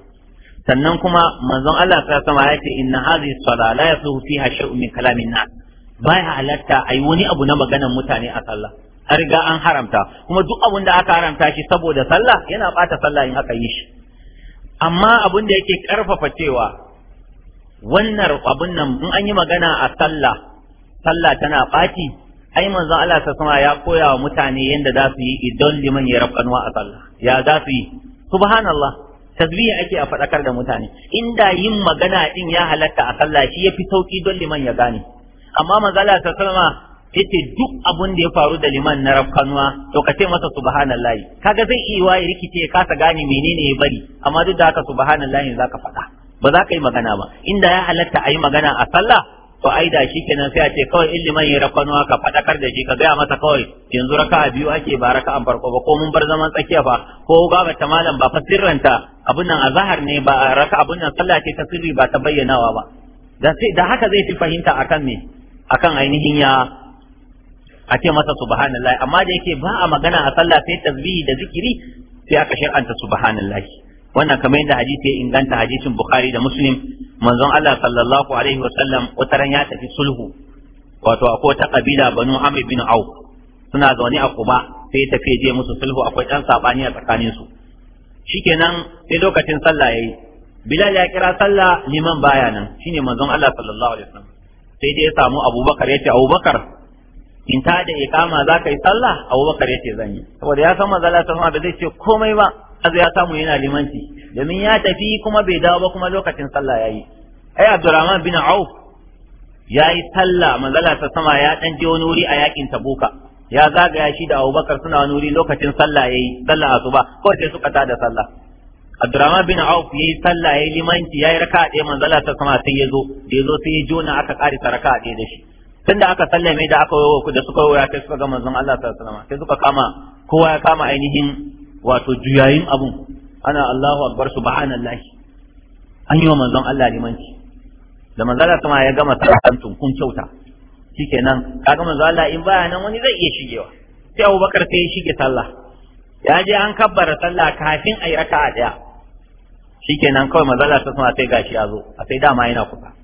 sannan kuma manzon Allah ta sama ya ce inna hadhihi sala la yasuhu fiha shay'un min kalamin nas baya halatta ai wani abu na maganar mutane a sallah an riga an haramta kuma duk abin da aka haramta shi saboda sallah yana bata sallah in aka yi shi amma abin da yake karfafa cewa wannan abin nan in an yi magana a sallah sallah tana baki ai manzon Allah ta sama ya koya wa mutane yadda za su yi idan liman ya rafkanuwa a sallah ya za su yi subhanallah tasbihi ake a faɗakar da mutane inda yin magana din ya halatta a sallah shi yafi sauki don liman ya gane amma manzala ta yace duk abun da ya faru da liman na rafkanuwa to ka ce masa subhanallahi kaga zai iya waye rikice ya kasa gane menene ya bari amma duk da haka subhanallahi zaka faɗa ba za ka yi magana ba inda ya halatta a yi magana a sallah to ai da shi kenan sai a ce kawai in liman ya rafkanuwa ka faɗakar da shi ka gaya masa kawai yanzu raka'a biyu ake ba raka'an farko ba ko mun bar zaman tsakiya ba ko gaba ta malam ba fa sirranta abun nan zahar ne ba raka abun nan sallah ce ta sirri ba ta bayyanawa ba da haka zai fi fahimta akan me akan ainihin ya a ce masa subhanallahi amma da yake ba a magana a sallah sai tasbihi da zikiri sai aka shar'anta subhanallahi wannan kamar yadda hadisi ya inganta hadisin bukhari da muslim manzon Allah sallallahu alaihi wa sallam wataran ya tafi sulhu wato akwai wata kabila banu amr bin auf suna zaune a kuba sai tafi je musu sulhu akwai dan sabani a tsakanin su shikenan sai lokacin sallah yayi bilal ya kira sallah liman baya nan shine manzon Allah sallallahu alaihi wa sallam sai dai ya samu abubakar ya ce abubakar in ta da iqama za ka yi sallah abubakar ya ce zan yi saboda ya san manzala ta ba zai ce komai ba azu ya samu yana limanci domin ya tafi kuma bai dawo ba kuma lokacin sallah yayi ai abdurrahman bin auf yayi sallah manzala ta sama ya dan je wani wuri a yakin tabuka ya zagaya shi da abubakar suna wani wuri lokacin sallah yayi sallah asuba ko sai suka da sallah Abdurrahman bin Auf yayi sallah yayi limanci yayi raka'a ɗaya manzala ta sama sai ya zo da ya zo sai ya jona aka ƙarisa raka'a ɗaya da shi tun da aka sallame da aka wawo da suka waya sai suka ga manzon Allah ta alaihi sai suka kama kowa ya kama ainihin wato juyayin abun ana Allahu akbar subhanallahi an yi wa manzon Allah limanci da manzon Allah kuma ya gama sallatun kun kyauta shikenan kaga manzon Allah in baya nan wani zai iya shigewa sai Abubakar sai ya shige sallah ya je an kabbara sallah kafin ayi raka'a daya shikenan kawai manzon Allah sallallahu alaihi sai gashi ya zo a sai dama yana kusa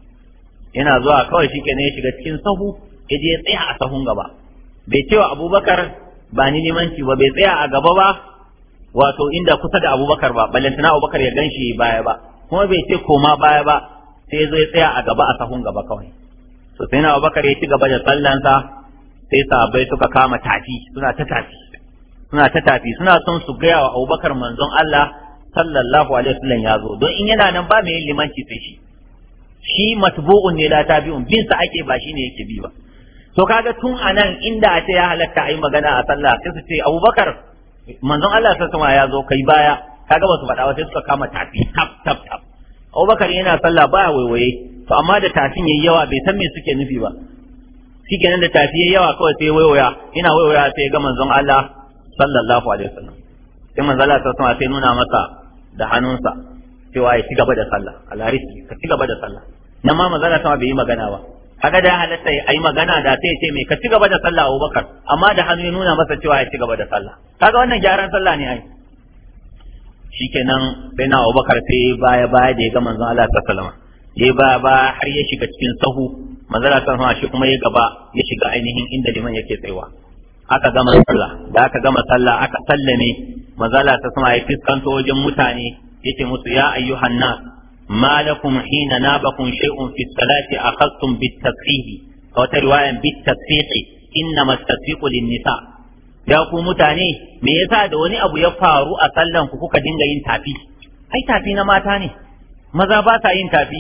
yana zuwa kawai shi ne ya shiga cikin sahu ya je ya tsaya a sahun gaba bai cewa abubakar ba ni limanci ba bai tsaya a gaba ba wato inda kusa da abubakar ba ballantana abubakar ya ganshi baya ba kuma bai ce koma baya ba sai zai tsaya a gaba a sahun gaba kawai to sai na abubakar ya ci gaba da sallansa sai sabai suka kama tafi suna ta tafi suna ta tafi suna son su gaya wa abubakar manzon Allah sallallahu alaihi wasallam ya zo don in yana nan ba mai yin limanci sai shi shi matbu'un ne la tabi'un bin sa ake ba shine yake bi ba to kaga tun anan inda a ce ya halatta a yi magana a sallah sai su ce Abubakar manzon Allah sallallahu alaihi ya zo kai baya kaga ba su faɗa ba sai suka kama tafi tap tap tap Abubakar yana sallah wai waiwaye to amma da tafin yayi yawa bai san me suke nufi ba shikenan da tafi yayi yawa kawai sai waiwaya wai waiwaya sai ga manzon Allah sallallahu alaihi wasallam sai manzon Allah sallallahu alaihi wasallam sai nuna masa da hannunsa cewa ya ci gaba da sallah alariski ka ci gaba da sallah nan ma manzala kama bai yi magana ba kaga da halatta ya yi magana da sai ce mai ka ci gaba da sallah Abubakar amma da hannu ya nuna masa cewa ya ci gaba da sallah kaga wannan gyaran sallah ne ai shikenan sai na Abubakar sai baya baya da ya ga manzon Allah sallallahu ya ba ba har ya shiga cikin sahu manzala sama shi kuma ya gaba ya shiga ainihin inda liman yake tsayawa aka gama sallah da aka gama sallah aka sallame manzala ta sama ya fiskanto wajen mutane yace musu ya ayyuhan nas ma lakum hina nabakum shay'un fi salati akhadtum bit tasfihi wa tarwayan bit tasfihi innama tasfiqu lin nisa ya ku mutane me yasa da wani abu ya faru a sallan ku kuka dinga yin tafi ai tafi na mata ne maza ba sa yin tafi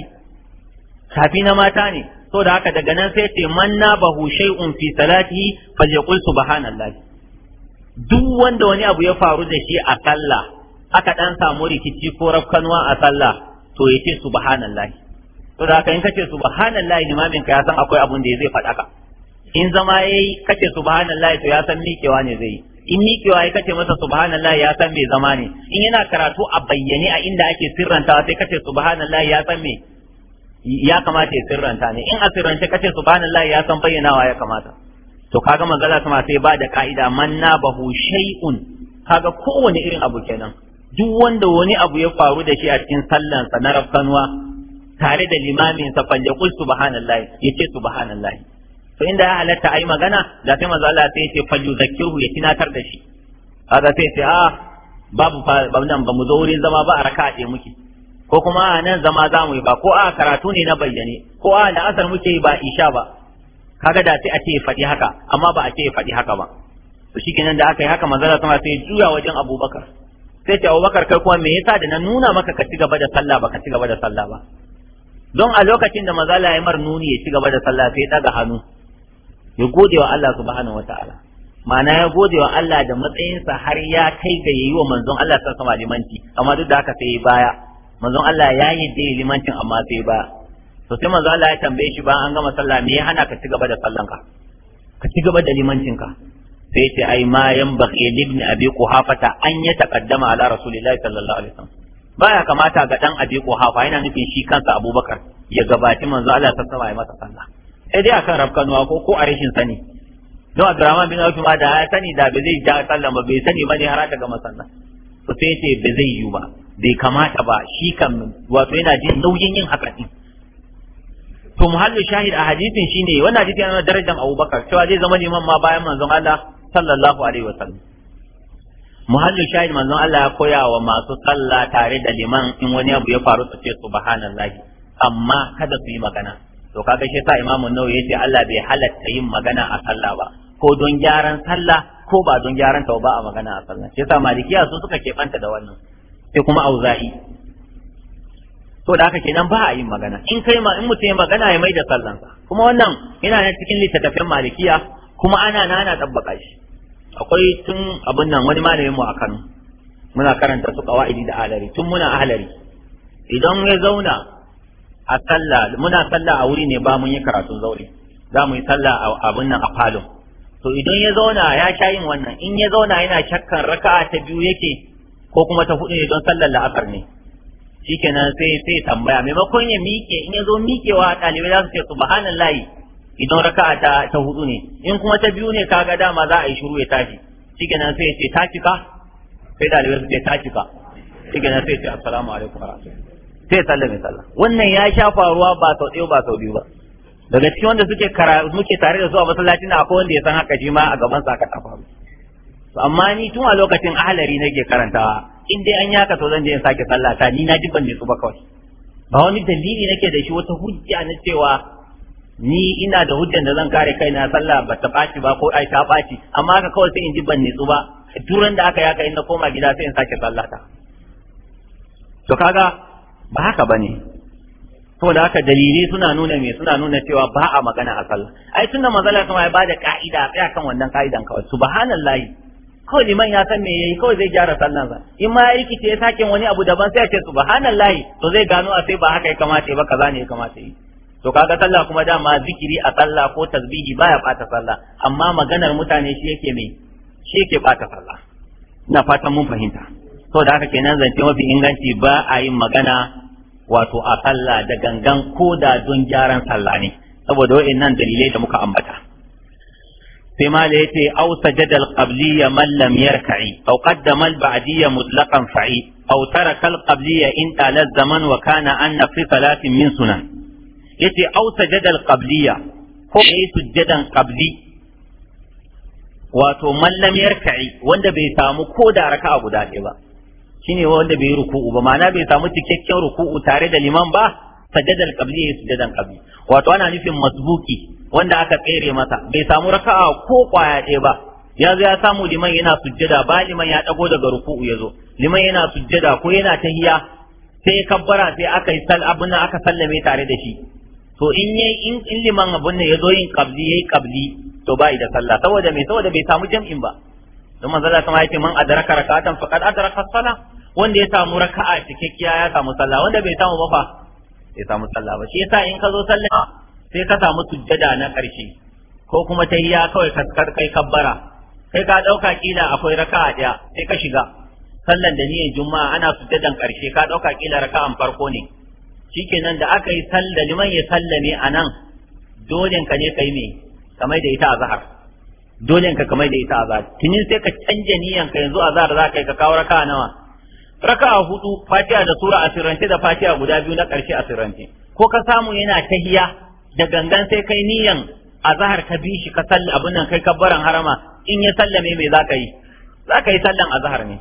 tafi na mata ne so da haka daga nan sai ce man nabahu shay'un fi salatihi falyaqul subhanallahi duk wanda wani abu ya faru da shi a sallah aka dan samu rikici ko rafkanwa a sallah to ya ce subhanallahi to da ka in kace subhanallahi limamin ka ya san akwai abun da zai fada ka in zama yayi kace subhanallahi to ya san miƙewa ne zai in miƙewa ya kace masa subhanallahi ya san me zama ne in yana karatu a bayyane a inda ake sirrantawa sai kace subhanallahi ya san me ya kamata ya sirranta ne in a sirrance kace subhanallahi ya san bayyanawa ya kamata to kaga manzala kuma sai ba da ka'ida man na bahu shay'un kaga kowane irin abu kenan duk wanda wani abu ya faru da shi a cikin sa na rafkanwa tare da limamin sa falle kul subhanallahi yace subhanallahi to inda ya halatta ai magana da sai manzo Allah sai yace falyu ya tinatar da shi kaga sai sai a ah, babu nan ba mu zo wurin zama ba a raka a muke ko kuma a ah, nan zama za mu yi ba ko a ah, karatu ne na bayyane ko a da asar muke yi ba isha ba kaga da sai a ce faɗi haka amma ba a ce faɗi haka ba to shikenan da aka yi haka manzo Allah sai juya wajen Abubakar sai ce bakar kai kuma me yasa da na nuna maka ka ci gaba da sallah ba ka ci gaba da sallah ba don a lokacin da maza la mar nuni ya ci gaba da sallah sai daga hannu ya gode wa Allah subhanahu ta'ala ma'ana ya gode wa Allah da matsayinsa har ya kai ga yayi wa manzon Allah sallallahu alaihi limanci amma duk da haka sai baya manzon Allah ya yi da limancin amma sai baya to sai manzon Allah ya tambaye shi ba an gama sallah me ya hana ka ci gaba da sallanka ka ci gaba da limancinka sai ce ai ma yan baqi ibn abi quhafata an ya taqaddama ala rasulillahi sallallahu alaihi wasallam baya kamata ga dan abi quhafa yana nufin shi kansa abubakar ya gabaci manzo Allah sallallahu alaihi Sallah. sai dai akan rafkanuwa ko ko a rashin sani don Abdurrahman bin Auf ma da ya sani da bai zai ja sallan ba bai sani ba bane har daga masallan to sai ce bai zai yi ba bai kamata ba shi kan wato yana jin nauyin yin haka din to muhallin shahid a hadisin shine wannan hadisi yana darajar Abubakar cewa zai zama liman ma bayan manzon Allah sallallahu alaihi sallam muhallin shahid manzon Allah ya koya wa masu sallah tare da liman in wani abu ya faru su ce subhanallahi amma kada su yi magana to kaga shi sa imamu nawawi yace Allah bai halatta yin magana a sallah ba ko don gyaran sallah ko ba don gyaran ta ba a magana a sallah shi sa malikiya su suka keɓanta da wannan sai kuma auza'i to da haka kenan ba a yin magana in kai ma in mutum ya magana ya mai da sallansa kuma wannan yana cikin littattafan malikiya kuma ana na ana tabbaka shi akwai tun abin nan wani malamin mu a Kano muna karanta su qawaidi da alari tun muna ahlari idan ya zauna a sallah muna sallah a wuri ne ba mun yi karatu zauri za mu yi sallah abin nan a falon to idan ya zauna ya sha yin wannan in ya zauna yana shakkan raka'a ta biyu yake ko kuma ta hudu ne don sallar la'asar ne shikenan sai sai tambaya maimakon ya miƙe in ya zo miƙewa ɗalibai za su ce subhanallahi idan raka'a ta ta hudu ne in kuma ta biyu ne kaga dama za a yi shiru ya tashi shikenan sai ya ce ta cika sai dalibai su ce ta cika shikenan sai ya ce assalamu alaikum warahmatullahi sai sallame sallah wannan ya sha faruwa ba sau ɗaya ba sau biyu ba daga cikin wanda suke muke tare da su a masallaci na akwai wanda ya san haka shi ma a gaban sa aka To amma ni tun a lokacin ahalari nake karantawa in dai an yaka to zan je in sake sallah ta ni na ji ban su ba kawai ba wani dalili nake da shi wata hujja na cewa ni ina da hujjan da zan kare kai na sallah ba ta baci ba ko ai ta baci amma haka kawai sai in ji ban nitsu ba duran da aka yaka in na koma gida sai in sake sallah ta to kaga ba haka bane saboda haka dalili suna nuna me suna nuna cewa ba a magana a sallah ai tunda manzala kuma ya bada ka'ida tsaya kan wannan ka'idan kawai subhanallahi kawai liman ya san me yayi kawai zai gyara sallan sa in ma ya rikice ya sake wani abu daban sai ya ce subhanallahi to zai gano a sai ba haka ya kamata ba kaza ne ya kamata yi to kaga sallah kuma dama zikiri a sallah ko tasbihi baya bata sallah amma maganar mutane shi yake mai shi yake bata sallah ina fatan mun fahimta to da haka kenan zance mafi inganci ba a yin magana wato a sallah da gangan ko da don gyaran sallah ne saboda wa'annan dalilai da muka ambata sai ma da yace aw sajada al man lam yarka'i aw qaddama al mutlaqan fa'i aw taraka al in tala zaman wa kana anna fi salatin min sunan yace au sajadal qabliya ko yayi sujjadan qabli wato mallam yarka'i wanda bai samu ko da raka'a guda ɗaya ba shine wanda bai ruku'u ba ma'ana bai samu cikakken ruku'u tare da liman ba sajadal qabli yayi sujjadan qabli wato ana nufin masbuki wanda aka tsere masa bai samu raka'a ko kwaya ɗaya ba ya zo ya samu liman yana sujjada ba liman ya dago daga ruku'u ya zo liman yana sujjada ko yana tahiya sai kabbara sai aka yi sal abin aka sallame tare da shi to in yayi in liman abun ne yazo yin ya yi qabli to bai da sallah saboda me saboda bai samu jam'in ba don manzo Allah kuma yace man adraka rak'atan faqad adraka as-salah wanda ya samu raka'a cikakkiya ya samu sallah wanda bai samu ba fa ya samu sallah ba shi yasa in ka zo sallah sai ka samu sujjada na ƙarshe ko kuma ta iya kawai ka kai kabbara kai ka dauka kila akwai raka'a daya sai ka shiga sallan da niyyar juma'a ana sujjadan ƙarshe ka dauka kila raka'an farko ne shikenan da aka yi sallah liman ya sallame a nan dolen ka ne kai me kamar da ita a zahar dolen ka kamar da ita a zahar tunin sai ka canja niyan ka yanzu a zahar za ka yi ka kawo raka nawa raka hudu fatiha da sura a da fatiha guda biyu na karshe a ko ka samu yana tahiya da gangan sai kai niyan a zahar ka bi shi ka salli abin nan kai kabbaran harama in ya sallame me za ka yi za ka yi sallan a zahar ne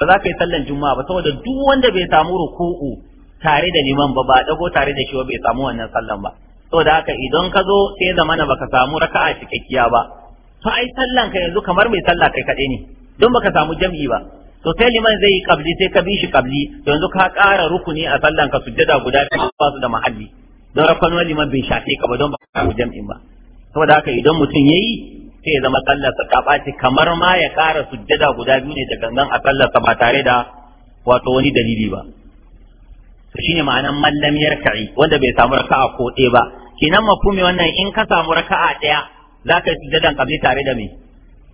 ba za ka yi sallan juma'a ba saboda duk wanda bai samu ruku'u tare da liman ba ba dago tare da shi ba bai samu wannan sallan ba saboda haka idan ka zo sai zamana baka samu raka'a cikakkiya ba to ai sallan ka yanzu kamar mai sallah kai kaɗai ne don baka samu jam'i ba to sai liman zai yi kabli sai ka bi shi kabli yanzu ka ƙara rukuni a sallan ka sujjada guda biyu ba su da mahalli don wani liman bai shafe ka ba don baka samu jam'in ba saboda haka idan mutum yayi sai ya zama sa ta ɓaci kamar ma ya ƙara sujjada guda biyu ne da gangan a sallar sa ba tare da wato wani dalili ba shine ma'anan mallamiyar lam wanda bai samu raka'a ko ɗaya ba kenan mafhumi wannan in ka samu raka'a ɗaya ka yi sujadan kabli tare da mai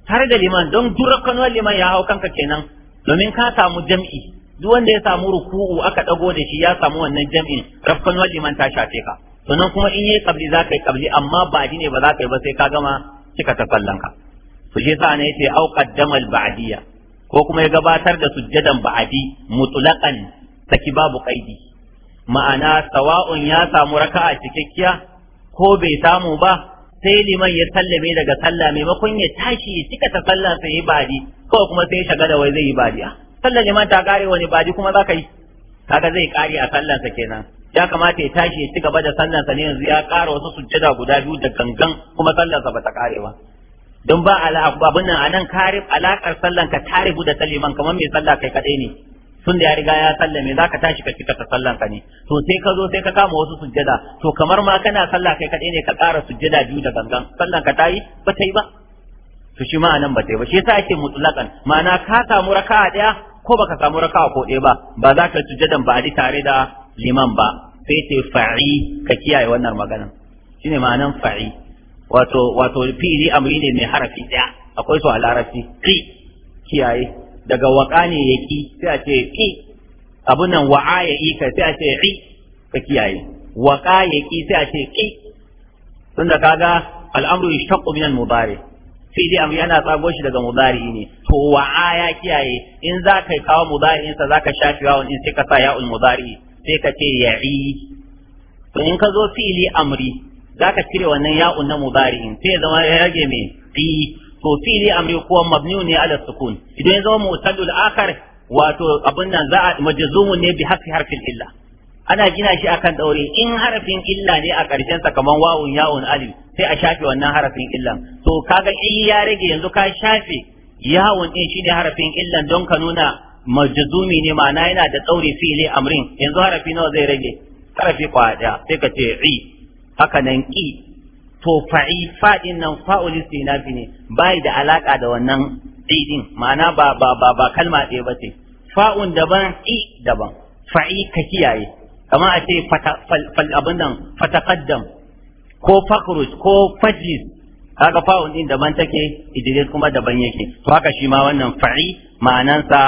tare da liman don durakan liman ya hau kanka kenan domin ka samu jam'i duk wanda ya samu ruku'u aka dago da shi ya samu wannan jam'in rafkan liman ta shafe ka sannan kuma in yayi kabli za ka yi kabli amma ba'di ne ba za ka yi ba sai ka gama cika ta sallan ka to shi yasa ne yace au ko kuma ya gabatar da sujjadan ba'di mutlaqan saki babu kaidi ma'ana sawa'un ya samu raka'a cikakkiya ko bai samu ba sai liman ya sallame daga sallah maimakon ya tashi ya cika ta sallah sai yi badi kawai kuma sai ya shaga da wai zai yi badi a ah, sallah liman ta kare wani badi kuma za ka yi kaga zai kare a sallansa kenan ya kamata ya tashi ya ci gaba da sallansa ne yanzu ya kara wasu sujjada guda biyu da gangan kuma sallansa ba ta kare ba don ba abin nan anan kare alakar sallan ka tare da saliman kamar mai sallah kai kadai ne Tun da ya riga ya sallame zaka tashi ka cika ta sallan ka ne to sai ka zo sai ka kama wasu sujjada to kamar ma kana sallah kai kadai ne ka ƙara sujjada biyu da gangan sallan ka tayi ba ta yi ba to shi ma anan ba ta ba shi yasa ake mutlaqan ma'ana ka samu raka'a daya ko baka samu raka'a ko daya ba ba za ka sujjadan ba di tare da liman ba sai ta fa'i ka kiyaye wannan maganan shine ma'anan fa'i wato wato fi'li amri ne mai harafi daya akwai su a larabci fi kiyaye daga waƙa ne ya ƙi sai a ce ƙi abin nan wa'a ya ƙi ka sai a ce ƙi ka kiyaye waƙa ya ƙi sai a ce ƙi tun da kaga al'amru ya min minan mubare sai dai amri ana tsago shi daga mubare ne to wa'a ya kiyaye in za ka kawo mudari sa za ka shafi yawon in sai ka sa ya'ul mubare sai ka ce ya ƙi. to in ka zo fili amri za ka cire wannan ya'un na mubare sai ya zama ya rage mai ƙi to fili amri kuwa mabniu ne ala sukun idan ya zama mu'tallul akhar wato abin nan za a majzumun ne bi hafi harfin illa ana gina shi akan daure in harafin illa ne a ƙarshen sa kaman wawun yawun alif sai a shafe wannan harafin illan to kaga in ya rage yanzu ka shafe yawun din shine harafin illan don ka nuna majzumi ne ma'ana yana da tsauri fili amrin yanzu harafi nawa zai rage harafi kwaya sai ka ce i haka nan ki to fa'i fa'in nan fa'ul istinafi ne bai da alaka da wannan idin ma'ana ba ba ba, ba kalma ɗaya ba ce fa'un daban i daban fa'i ka kiyaye kama a ce fal abin ko fakhruj ko fajlis haka fa'un din daban take idris kuma daban yake to haka shi ma wannan fa'i ma'anansa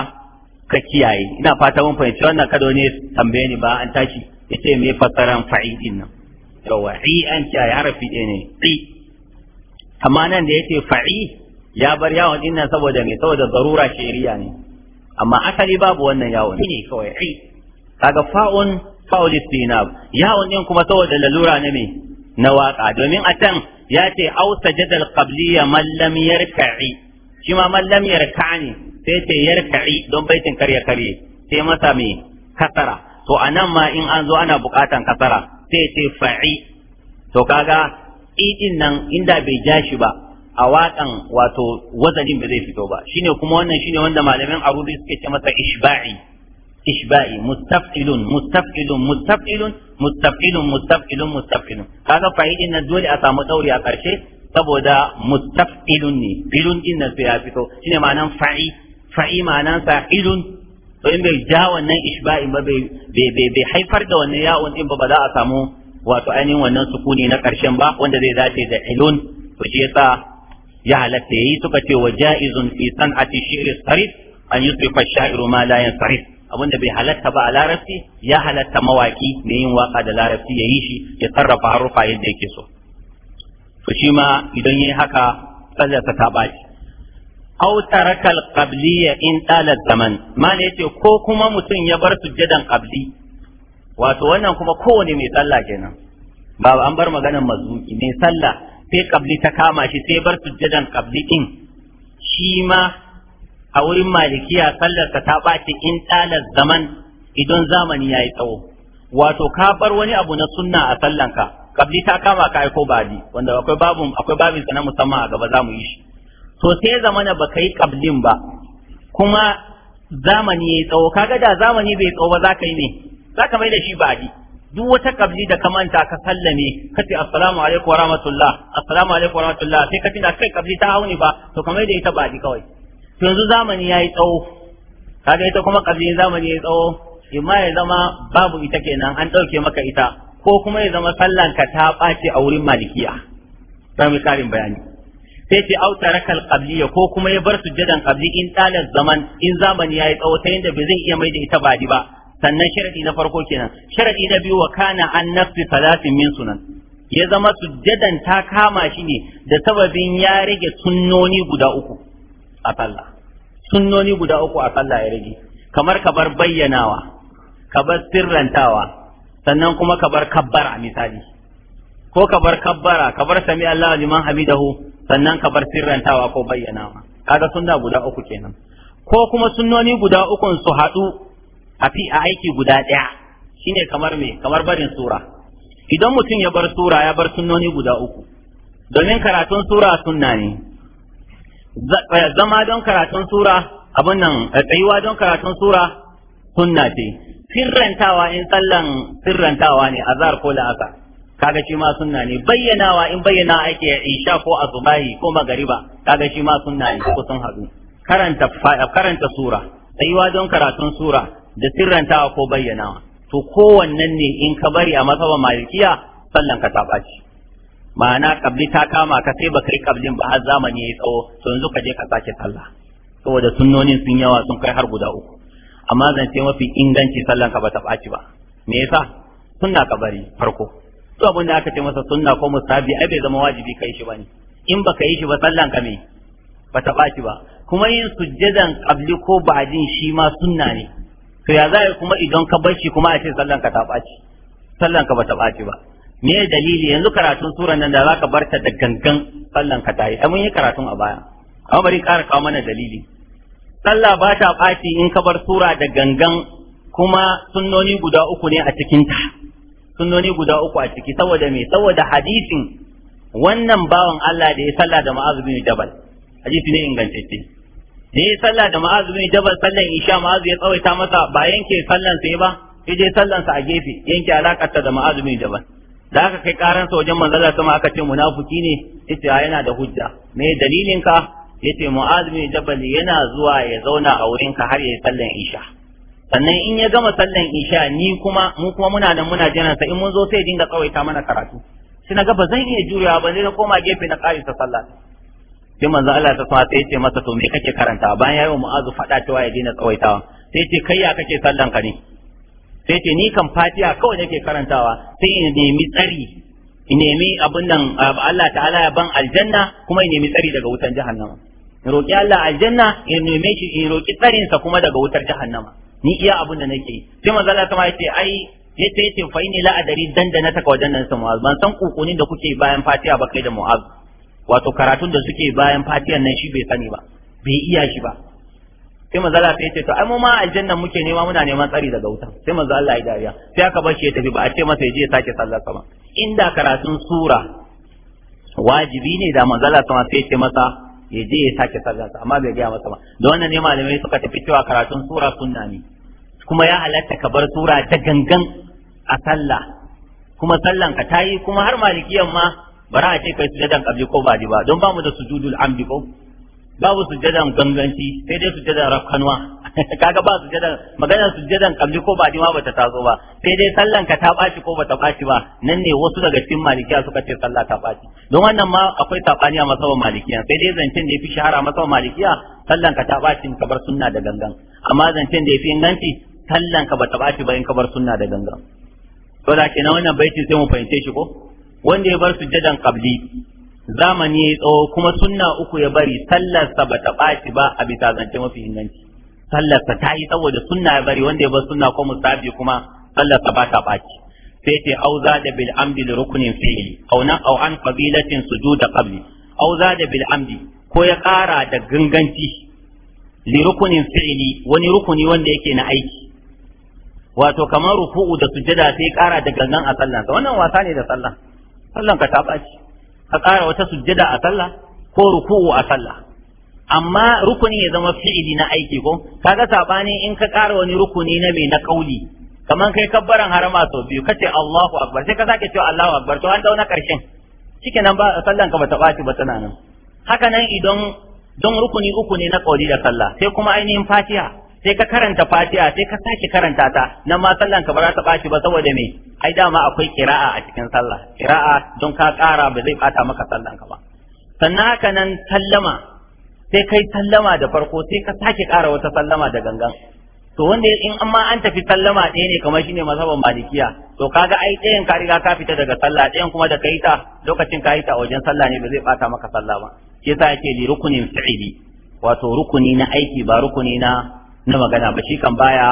ka kiyaye ina fata mun fahimci wannan kado ne tambaye ni ba an tashi yace me fasaran fa'i din nan yawa i an ce ya rafi ne i amma nan da yake fa'i ya bar yawon ɗinnan saboda me saboda zarura shari'a ne amma asali babu wannan yawon ne kawai i kaga fa'un fa'ul istinab yawon din kuma saboda lalura ne me na waka domin a can ya ce au sajadal qabliya Mallam, lam yarka'i shi ma man sai ce yarka'i don baitin karya karye sai masa mai kasara to anan ma in an zo ana bukatan kasara sai ce fa'i to kaga idin nan inda bai ja shi ba a waƙan wato wazanin ba zai fito ba shine kuma wannan shine wanda malamin arudi suke ce masa ishba'i ishba'i mustaf'ilun mustaf'ilun mustaf'ilun mustaf'ilun mustaf'ilun mustaf'ilun kaga fa'idin nan dole a samu dauri a karshe saboda mustaf'ilun ne filun din nan sai ya fito shine ma'anan fa'i fa'i ma'anan sa ilun to in bai ja wannan ishba'in ba bai haifar da wannan ya'un din ba ba za a samu wato ainihin wannan sukuni na karshen ba wanda zai dace da ilun to shi yasa ya halatta yayi suka ce wa ja'izun fi san'ati shi'r sarif an yusrifa sha'iru ma la yansarif da bai halatta ba a larabci ya halatta mawaki ne yin waka da larabci ya yi shi ya sarrafa harufa yadda yake so to shi ma idan yayi haka sallar ta ta aw taraka al-qabliyya in tala zaman mala yace ko kuma mutum ya bar sujjadan qabli wato wannan kuma kowane mai sallah kenan ba an bar maganar mazuki mai sallah sai qabli ta kama shi sai bar sujjadan qabli in. shi ma a wurin malikiya sallarsa ta ɓaci in tala zaman idan zamani yayi tsawo wato ka bar wani abu na sunna a sallanka qabli ta kama ka aiko badi wanda akwai babun akwai babin sa na musamman a gaba zamu yi shi to sai zamana baka yi kablin ba kuma zamani yi tsawo kaga da zamani bai tsawo ba ka yi ne ka mai da shi baɗi duk wata kabli da ka manta ka sallame ka ce assalamu alaikum wa rahmatullah assalamu alaikum wa rahmatullah sai ka tuna kai kabli ta hauni ba to kamar da ita baɗi kawai to yanzu zamani ya yi tsawo kaga ita kuma kabli zamani yi tsawo imma ya zama babu ita kenan an ɗauke maka ita ko kuma ya zama sallanka ta ɓaci a wurin malikiya. Za mu tsarin bayani. sai ce au tarakal qabliya ko kuma ya bar sujjadan qabli in talal zaman in zamani yayi tsawo ta yanda bai zai iya mai da ita badi ba sannan sharadi na farko kenan sharadi na biyu wa kana an nafsi salatin min sunan ya zama sujjadan ta kama shi ne da sababin ya rage sunnoni guda uku a sallah sunnoni guda uku a sallah ya rage kamar ka bar bayyanawa ka bar sirrantawa sannan kuma ka bar kabbara misali ko ka bar kabbara ka bar sami Allahu liman hamidahu sannan ka bar sirrantawa ko bayyanawa kaga sunna guda uku kenan ko kuma sunnoni guda ukun su haɗu a fi a aiki guda ɗaya shine kamar me kamar barin sura idan mutum ya bar sura ya bar sunnoni guda uku domin karatun sura sunna ne eh, zama don karatun sura abin nan eh, tsayuwa don karatun sura sunna ce sirrantawa in sallan sirrantawa ne azar ko la'asar kaga shi ma sunna ne bayyanawa in bayyana ake insha ko azubahi ko magariba kaga shi ma sunna ne sun hadu karanta karanta sura tsayuwa don karatun sura da sirranta ko bayyanawa to kowannen ne in ka bari a masaba malikiya sallan ka ta ɓaci ma'ana kabli ta kama ka sai baka yi kablin ba har zamani ya tsawo to yanzu ka je ka sake sallah saboda sunnonin sun yawa sun kai har guda uku amma zance mafi inganci sallan ka bata ɓaci ba me yasa sunna ka bari farko to abin da aka ce masa sunna ko musabi ai bai zama wajibi kai shi bane in baka yi shi ba sallan ka me ba ta baki ba kuma yin sujjadan qabli ko ba'din shi ma sunna ne to ya zai kuma idan ka bar shi kuma a ce sallan ka ta baci sallan ka ba ta baci ba me dalili yanzu karatun suran nan da zaka barta da gangan sallan ka tayi ai mun yi karatun a baya amma bari ƙara kawo mana dalili sallah ba ta ɓaci in ka bar sura da gangan kuma sunnoni guda uku ne a cikinta sunnoni guda uku a ciki saboda me saboda hadisin wannan bawan Allah da ya sallah da Mu'adh bin Jabal hadisi ne ingantacce ne ya sallah da Mu'adh bin Jabal sallan Isha Mu'adh ya tsawaita masa ba yanke sallan sai ba sai dai sallan sa a gefe yanke ta da Mu'adh bin Jabal da aka kai karan sa wajen manzon Allah sama aka ce munafiki ne yace yana da hujja me dalilin ka yace Mu'adh bin Jabal yana zuwa ya zauna a wurinka har ya sallan Isha sannan in ya gama sallan isha ni kuma mu kuma muna nan muna jiran sa in mun zo sai dinga tsawaita mana karatu sai na ga ba zan iya jurewa ba ne na koma gefe na kare ta sallah sai manzo Allah ta sa sai ce masa to me kake karanta bayan yayi wa mu'azu fada cewa ya daina tsawaitawa sai ce kai ya kake sallan ka ne sai ce ni kan fatiha kawai nake karantawa sai in nemi tsari in nemi abin nan Allah ta'ala ya ban aljanna kuma in nemi tsari daga wutan jahannama in roki Allah aljanna in neme shi in roki tsarin sa kuma daga wutar jahannama ni iya abin da nake sai manzo Allah sama yace ai yace yace fa inni la adari dandana ta kawajen nan sun ban san kokonin da kuke bayan fatiha ba kai da mu'az wato karatun da suke bayan fatiyan nan shi bai sani ba bai iya shi ba sai manzo Allah sai yace to ai mu ma aljanna muke nema muna neman tsari daga wuta sai manzo Allah ya dariya sai aka bar shi ya tafi ba a ce masa ya je ya sake sallar sama inda karatun sura wajibi ne da manzo Allah sai ce masa ya je ya sake sallah amma bai gaya masa ba da wannan ne malamai suka tafi cewa karatun sura sunna ne kuma ya halatta ka bar sura ta gangan a sallah kuma sallan ka tayi kuma har malikiyan ma bara a ce kai sujadan kabli ko ba ba don ba mu da sujudul amdi ko babu sujjadan ganganci sai dai sujjadan rakkanwa <laughs> kaga ba sujjadan magana sujjadan kalli ko ba ma bata taso ba sai dai sallan ka ta baci ko bata baci ba nan ne wasu daga cikin malikiya suka ce sallah ta baci don wannan ma akwai sabani a masaban malikiya sai dai zancen da yafi shahara masaba malikiya sallan ka ta baci in bar sunna da gangan amma zancen da yafi inganci sallan ka bata baci ba in ka bar sunna da gangan to da kenan wannan baiti sai mu fahimce shi ko wanda ya bar sujjadan qabli zamani ya tsawo kuma sunna uku ya bari sallarsa ba ta ɓaci ba a bisa zance mafi inganci sallarsa ta yi saboda sunna ya bari wanda ya bar sunna ko musabi kuma sallarsa ba ta ɓaci sai ce au da bil amdi da rukunin fi'li au nan au an qabilatin da qabli au da bil amdi ko ya ƙara da ganganci li rukunin fi'li wani rukuni wanda yake na aiki wato kamar ruku'u da sujada sai ƙara da gangan a sallansa wannan wasa ne da sallah sallanka ta ɓaci ka ƙara wata sujjada a sallah ko ruku'u a sallah amma rukuni ya zama fi'ili na aiki ko kaga sabani in ka ƙara wani rukuni na mai na kauli kaman kai kabbaran harama sau biyu kace Allahu akbar sai ka sake cewa Allahu akbar to an dauna karshen cikin nan ba sallan ka bata baci ba tana nan haka nan idan don rukuni uku ne na kauli da sallah sai kuma ainihin fatiha sai ka karanta fatiha sai ka sake karanta ta nan ma sallan ka ba za ta baci ba saboda me ai dama akwai qira'a a cikin sallah qira'a don ka kara ba zai bata maka sallan ka ba sannan haka nan sallama sai kai sallama da farko sai ka sake kara wata sallama da gangan to wanda in amma an tafi sallama ɗaya ne kamar shine mazhaban malikiya to kaga ai ɗayan ka riga ka fita daga sallah ɗayan kuma da kai ta lokacin ka yi ta a wajen sallah ne ba zai bata maka sallah ba shi yasa yake li rukunin fi'ili wato rukuni na aiki ba rukuni na na magana ba shi kan baya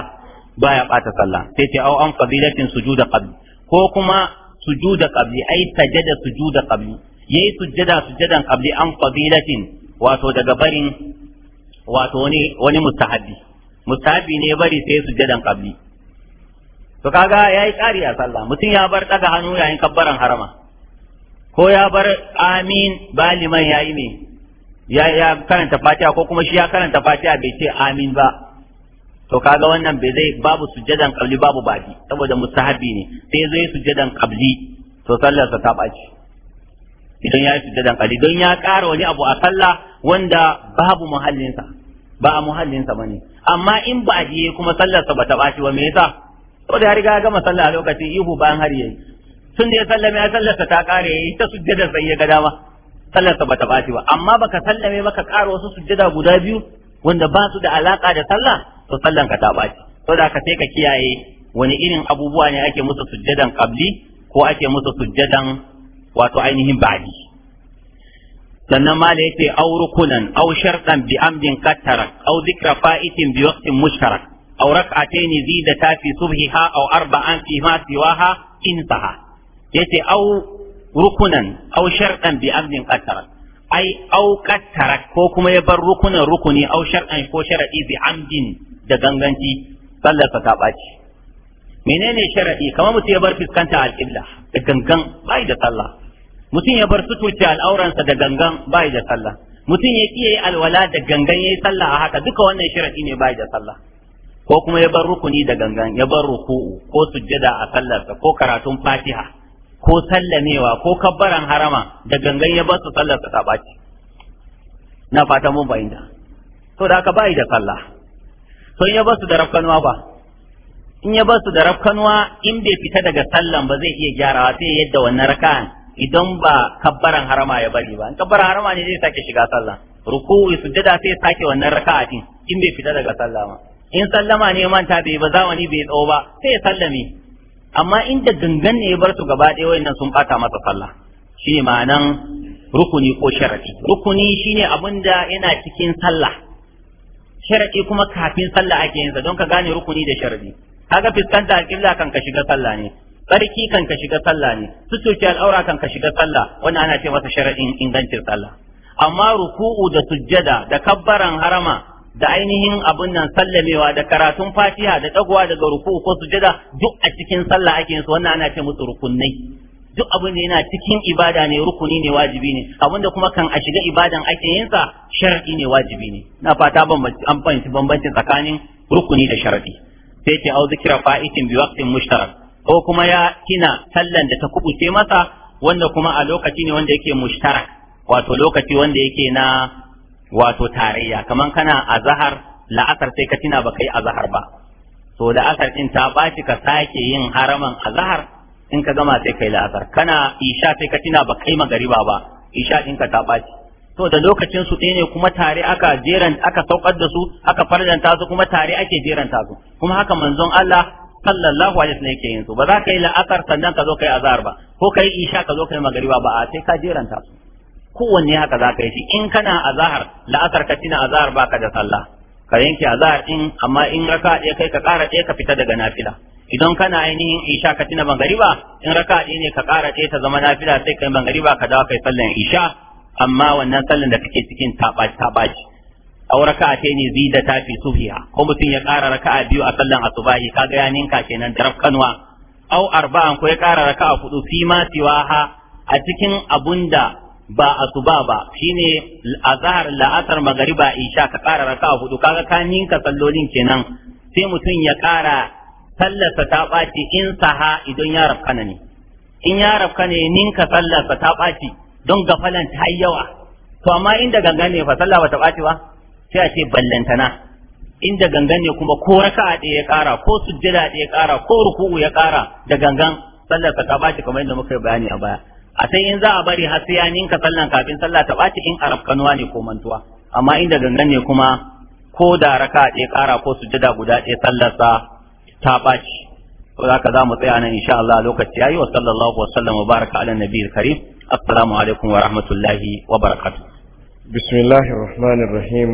baya bata sallah sai ce au an fadilatin sujuda qabli ko kuma sujuda qabli ai tajada sujuda qabli yayi sujjada sujjadan qabli an fadilatin wato daga barin wato wani wani mustahabi mustahabi ne bari sai sujjadan qabli to kaga yayi kari a sallah mutum ya bar daga hannu yayin kabbaran harama ko ya bar amin baliman yayi ne ya karanta fatiha ko kuma shi ya karanta fatiha bai ce amin ba to kaga wannan bai zai babu sujjadan qabli babu baki saboda mustahabi ne sai zai sujjadan qabli to sallar ta baci idan ya sujjadan qabli don ya ƙara wani abu a sallah wanda babu muhallinsa ba a muhallinsa bane amma in ba je kuma sallar sa bata baci ba me yasa saboda ya riga ya gama sallah a lokacin ihu bayan har yayi tun da ya sallame ya sallarsa ta kare yayi ta sujjada sai ya ga dama sallarsa bata baci ba amma baka sallame baka ƙara wasu sujjada guda biyu wanda ba su da alaka da sallah to sallan ka ta ɓaci, to da ka sai ka kiyaye wani irin abubuwa ne ake musu sujjadan qabli ko ake musu sujjadan wato ainihin ba'di sannan ma da yace au rukunan aw shartan bi amdin qattara aw dhikra fa'itin bi waqtin mushtarak aw rak'atayn ta fi subhiha au arba'an fi ma siwaha intaha yace au rukunan au shartan bi amdin qattara ai au kattara ko kuma ya bar rukunan rukuni au shar'an ko shar'i bi amdin da ganganci sallar ta ɓaci menene sharadi kamar mutum ya bar fuskanta alƙibla da gangan bai da sallah mutum ya bar suturce al'auransa da gangan bai da sallah mutum ya ƙi yi alwala da gangan ya yi sallah a haka duka wannan sharadi ne bai da sallah ko kuma ya bar rukuni da gangan ya bar ruku'u ko sujjada a sallarsa ko karatun fatiha ko sallamewa ko kabbaran harama da gangan ya bar su sallarsa ta ɓaci na fata mun bayyana to da haka bai da sallah in ya su da rafkanuwa ba in ya su da rafkanuwa in bai fita daga sallan ba zai iya gyarawa sai yadda wannan raka'an idan ba kabbaran harama ya bari ba in kabbaran harama ne zai sake shiga sallah ruku'i sujjada sai sake wannan raka'a din in bai fita daga sallah ba in sallama ne manta bai ba zamani bai tsawo ba sai ya sallame amma inda gangan ne ya bar su gaba ɗaya wayannan sun bata masa sallah shine ma'anan rukuni ko sharadi rukuni shine abinda yana cikin sallah sharadi kuma kafin sallah ake yin don ka gane rukuni da sharadi kaga fiskanta alƙibla kan ka shiga sallah ne tsarki kan ka shiga sallah ne sutuci al'aura kan ka shiga sallah wannan ana ce masa sharadin ingancin sallah amma ruku'u da sujjada da kabbaran harama da ainihin abun nan sallamewa da karatun fatiha da dagowa daga ruku'u ko sujjada, duk a cikin sallah ake yin su wannan ana ce musu rukunai duk abin da yana cikin ibada ne rukuni ne wajibi ne abin da kuma kan a shiga ibadan ake yin sa shar'i ne wajibi ne na fata bambanci an fahimci bambancin tsakanin rukuni da shar'i sai ce au zikra fa'itin bi waqtin mushtarak ko kuma ya kina sallan da ta kubuce masa wanda kuma a lokaci ne wanda yake mushtarak wato lokaci wanda yake na wato tarayya kaman kana azhar la'asar sai ka tina baka yi azhar ba to da asar din ta baci ka sake yin haraman azhar in ka gama sai kai la'asar kana isha sai ka tina ba kai magariba ba isha in ka ta baci to da lokacin su ɗaya ne kuma tare aka jeran aka saukar da su aka farjanta su kuma tare ake jeranta su kuma haka manzon Allah sallallahu alaihi wasallam yake yin su ba za ka yi la'asar sannan ka zo kai azhar ba ko kai isha ka zo kai magariba ba a sai ka jeranta su kowanne haka za ka yi shi in kana azhar la'asar ka tina azhar ka da sallah ka yanke azahar in amma in raka ɗaya kai ka ƙara ɗaya ka fita daga nafila idan kana ainihin isha ka tuna bangariba in raka ɗaya ne ka kara ce ta zama nafila sai kai bangariba ka dawo kai sallan isha amma wannan sallan da kake cikin tabaci tabaci aw raka'a ta ne zida ta fi sufiya ko mutum ya ƙara raka'a biyu a sallan asubahi kaga yanin ninka kenan daraf kanwa aw arba'an ko ya ƙara raka'a hudu fi ma siwaha a cikin abunda ba asuba ba shine azhar la'asar magariba isha ka kara raka'a hudu kaga ka ninka sallolin kenan sai mutum ya kara. sallarsa ta ɓaci in saha idan ya rafkana ne in ya rafka ne ninka sallarsa ta ɓaci don gafalan ta yawa to amma inda gangan ne fa sallah ba ta ɓaci ba sai a ce ballantana inda gangan ne kuma ko a ɗaya ya ƙara ko sujjada ɗaya ya ƙara ko ruku'u ya ƙara da gangan sallarsa ta ɓaci kamar yadda muka yi bayani a baya a sai in za a bari har sai ya ninka sallan kafin sallah ta ɓaci in a rafkanuwa ne ko mantuwa amma inda gangan ne kuma ko da a ɗaya ƙara ko sujjada guda ɗaya sallarsa ta ɓaci ko za ka za mu tsaya nan insha Allah lokaci yayi wa sallallahu wa sallam wa baraka ala nabiyil karim assalamu alaikum wa rahmatullahi wa barakatuh bismillahir rahmanir rahim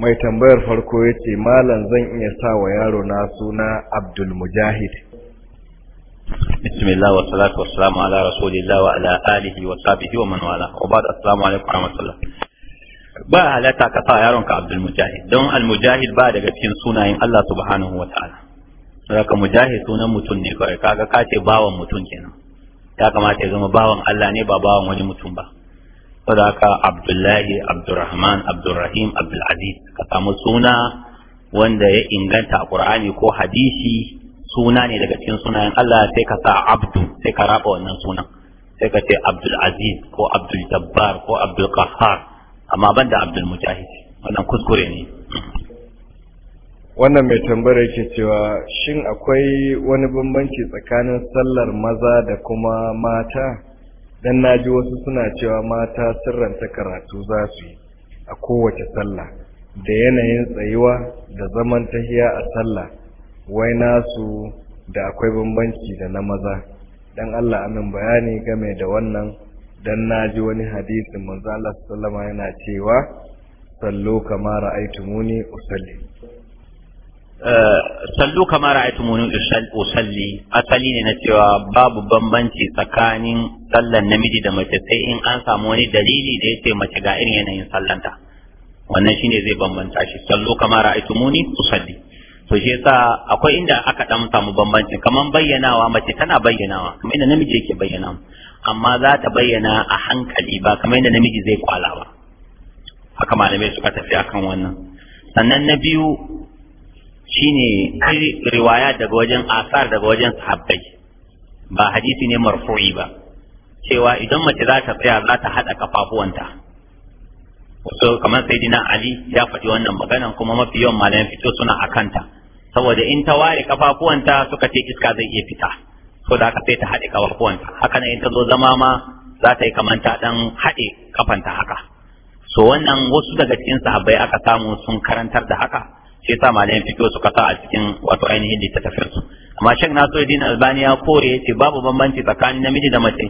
mai tambayar farko yace malam zan iya sa wa yaro na suna Abdul Mujahid بسم الله والصلاة والسلام على رسول الله وعلى آله وصحبه ومن Wa وبعد السلام عليكم wa الله ba halatta ka sa yaron ka Abdul Mujahid don Al Mujahid ba daga cikin sunayen Allah subhanahu wa ta'ala saka mujahid sunan mutum ne kawai kaga ka ce bawan mutum kenan ya kamata ya zama bawan Allah ne ba bawan wani mutum ba saboda haka Abdullahi Abdurrahman Abdurrahim Aziz, ka samu suna wanda ya inganta a Qur'ani ko hadisi suna ne daga cikin sunayen Allah sai ka sa Abdu sai ka raba wannan sunan sai ka ce Abdul Aziz ko Abdul Jabbar ko Abdul Qahhar amma ban da abdul mujahid wannan kuskure ne wannan mai tambara yake cewa shin akwai wani bambanci tsakanin sallar maza da kuma mata dan ji wasu suna cewa mata sirranta karatu za su yi a kowace sallah da yanayin tsayuwa da zaman tahiya a sallah wai nasu da akwai bambanci da na maza dan Allah amin bayani game da wannan dan ji wani hadisin manzo Allah sallama yana cewa sallu kama ra'aytumuni usalli eh, sallu kama ra'aytumuni usalli asali ne na cewa babu bambanci tsakanin sallan namiji da mace sai in an samu wani dalili da yace mace ga irin yanayin sallanta wannan shine zai bambanta shi sallu kama ra'aytumuni usalli to shi yasa akwai inda aka dan samu bambanci kaman bayyanawa mace tana bayyanawa kuma inda namiji yake bayyanawa amma za ta bayyana a hankali ba kamar yadda namiji zai kwala ba haka malamai suka tafi akan wannan sannan na biyu shine kai riwaya daga wajen asar daga wajen sahabbai ba hadisi ne marfu'i ba cewa idan mace za ta tsaya za ta haɗa kafafuwanta wasu kamar saidina ali ya faɗi wannan maganan kuma mafi yawan malamai fito suna akanta saboda in ta ware kafafuwanta suka ce iska zai iya fita so da aka sai ta haɗe ƙafafuwanta haka nan in ta zo zama ma za ta yi kamanta ta dan haɗe kafanta haka so wannan wasu daga cikin sahabbai aka samu sun karantar da haka shi yasa malamin fiqh su sa a cikin wato ainihin littattafin su amma shek nasiruddin albani ya kore yace babu bambanci tsakanin namiji da mace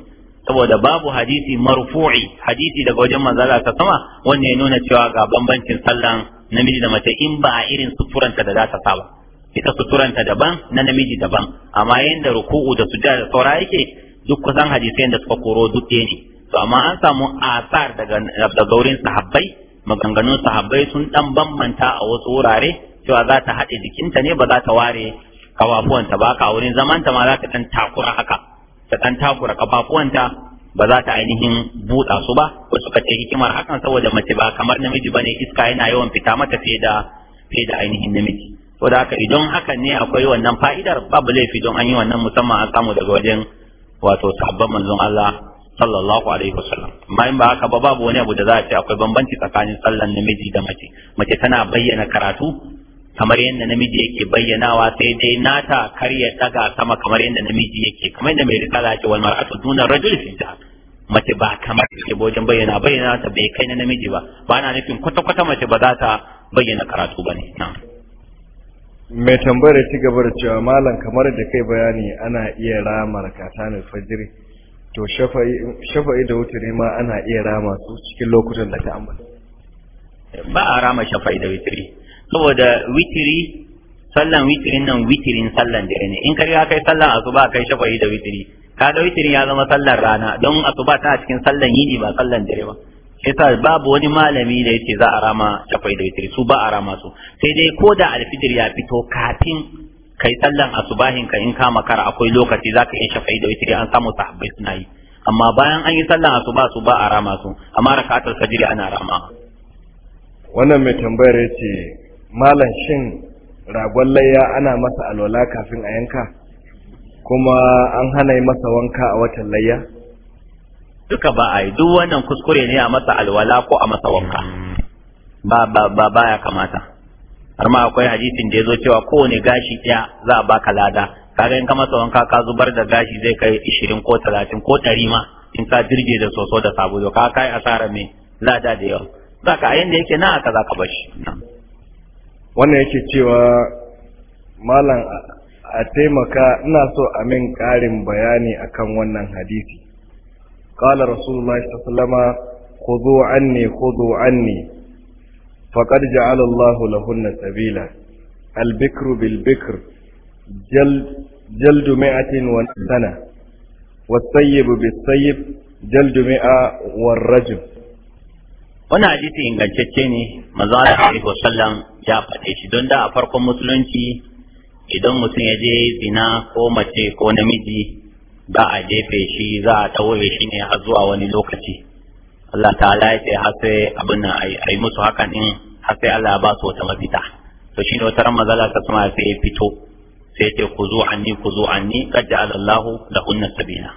saboda babu hadisi marfu'i hadisi daga wajen manzala ta sama wanda ya nuna cewa ga bambancin sallan namiji da mace in ba a irin sufuranta da za ta saba ita suturanta daban na namiji daban amma yanda ruku'u da sujada da saura yake duk kusan hadisai da suka koro duk ɗaya ne to amma an samu asar daga daga wurin sahabbai maganganun sahabbai sun dan bambanta a wasu wurare cewa za ta haɗe jikinta ne ba za ta ware kafafuwanta ba ka wurin zamanta ma za ta dan takura haka ta dan takura kafafuwanta ba za ta ainihin buɗa su ba wasu suka ce hikimar hakan saboda mace ba kamar namiji ba ne, iska yana yawan fita mata fiye da fiye da ainihin namiji saboda haka idan hakan ne akwai wannan fa'idar babu laifi don an yi wannan musamman an samu daga wajen wato sabon manzon Allah sallallahu alaihi wasallam amma in ba haka ba babu wani abu da za a ce akwai bambanci tsakanin sallan namiji da mace mace tana bayyana karatu kamar yadda namiji yake bayyanawa sai dai nata karya daga sama kamar yadda namiji yake kamar yadda mai risala ce wal mar'atu duna rajul fi mace ba kamar yake wajen bayyana bayyana ta bai kai na namiji ba ba na nufin kwata kwata mace ba za ta bayyana karatu bane na'am mai tambayar ci gaba da cewa malam kamar da kai bayani ana iya rama katanin fajiri, to shafa'i da wuturi ma ana iya rama su cikin lokutan da ta ambata ba a rama shafa'i da wuturi saboda wuturi sallan wutirin nan wutirin sallan da ne in kariya kai sallan asuba kai shafa'i da wuturi da wuturi ya zama sallan rana don asuba a cikin sallan yini ba sallan dare ba ita babu wani malami da yace za a rama tafai da witri su ba a rama su sai dai ko da alfijir ya fito kafin kai sallan asubahin ka in kama kara, akwai lokaci zaka yi shafai da witri an samu sahabbai suna yi amma bayan an yi sallan asuba su ba a rama su amma rakatul fajr ana rama wannan mai tambayar yace malam shin ragon layya ana masa alwala kafin a yanka kuma an hana masa wanka a watan layya duka ba a yi duk wannan kuskure ne a masa alwala ko a masa wanka ba ba ba ya kamata har ma akwai hadisin da ya zo cewa kowane gashi ɗaya za a baka lada kaga in ka masa wanka ka zubar da gashi zai kai ishirin ko talatin ko ɗari ma in ka dirge da soso da sabulu ka kai asara me lada da yawa za ka ayin da yake na aka za ka bar shi wannan yake cewa malam a taimaka ina so a min ƙarin bayani akan wannan hadisi قال رسول الله صلى الله عليه وسلم خذوا عني خذوا عني فقد جعل الله لهن سبيلا البكر بالبكر جلد جلد مئة وسنة والسيب بالسيب جلد مئة والرجم wannan hadisi ingantacce ne manzo alaihi wasallam ya faɗe shi don da a farkon musulunci idan mutum ya je zina ko mace ko namiji za a jefe shi za a ɗaure shi ne har zuwa wani lokaci Allah ta'ala ya ce har sai abin nan ai musu hakan din har sai Allah ba su wata mafita to shine wata ran mazala ta kuma sai ya fito sai ce ku zo anni ku zo anni qad ja'ala Allah lahunna sabina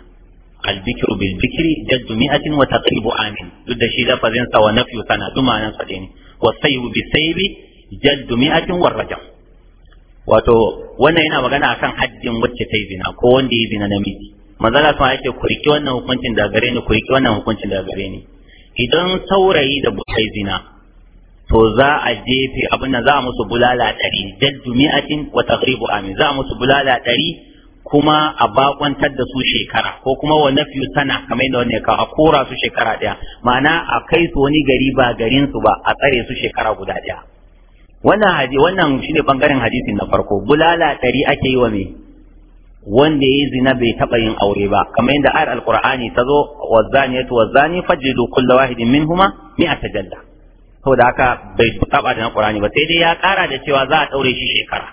al-bikru bil bikri jaddu mi'atin wa taqribu amin duk da shi lafazin sa wa nafyu sana nan sa ne wa sayyu bi sayyi jaddu mi'atin wa rajam wato wannan yana magana akan haddin wacce ta yi zina ko wanda ya zina namiji manzala sun yake ku wannan hukuncin da gare ni ku wannan hukuncin da gare ni idan saurayi da bukai zina to za a jefe abin nan za a musu bulala ɗari jaddu mi'atin wa taqribu amin za a musu bulala ɗari kuma a bakwantar da su shekara ko kuma wa nafiyu sana kamar yadda wani ka a kora su shekara ɗaya ma'ana a kai su wani gari ba garin su ba a tsare su shekara guda ɗaya wannan hadisi wannan shine bangaren hadisin na farko bulala ɗari ake yi wa me wanda ya yi zina bai taba yin aure ba kamar yadda ayar alqur'ani ta zo wazaniyatu wazani fajidu kullu wahidin a mi'ata jalla saboda haka bai taba da alqur'ani ba sai dai ya kara da cewa za a daure shi shekara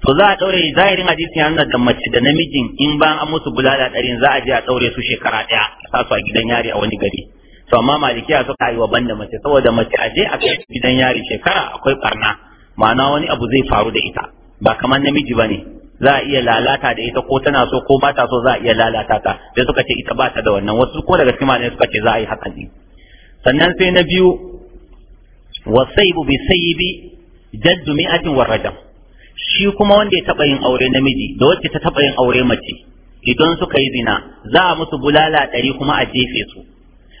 to za a daure zahirin hadisi ya nuna da mace da namijin in ba an musu bulala ɗarin za a je a daure su shekara ɗaya a su a gidan yari a wani gari to amma malikiya suka yi wa banda mace saboda mace a je a kai gidan yari shekara akwai barna ma'ana wani abu zai faru da ita ba kamar namiji bane za a iya lalata da ita ko tana so ko bata so za a iya lalata ta sai suka ce ita bata da wannan wasu ko daga cikin suka ce za a yi hakan ne sannan sai na biyu saibu bi sayyibi jaddu mi'atin wa rajam shi kuma wanda ya taba yin aure namiji da wacce ta taba yin aure mace idan suka yi zina za a musu bulala ɗari kuma a jefe su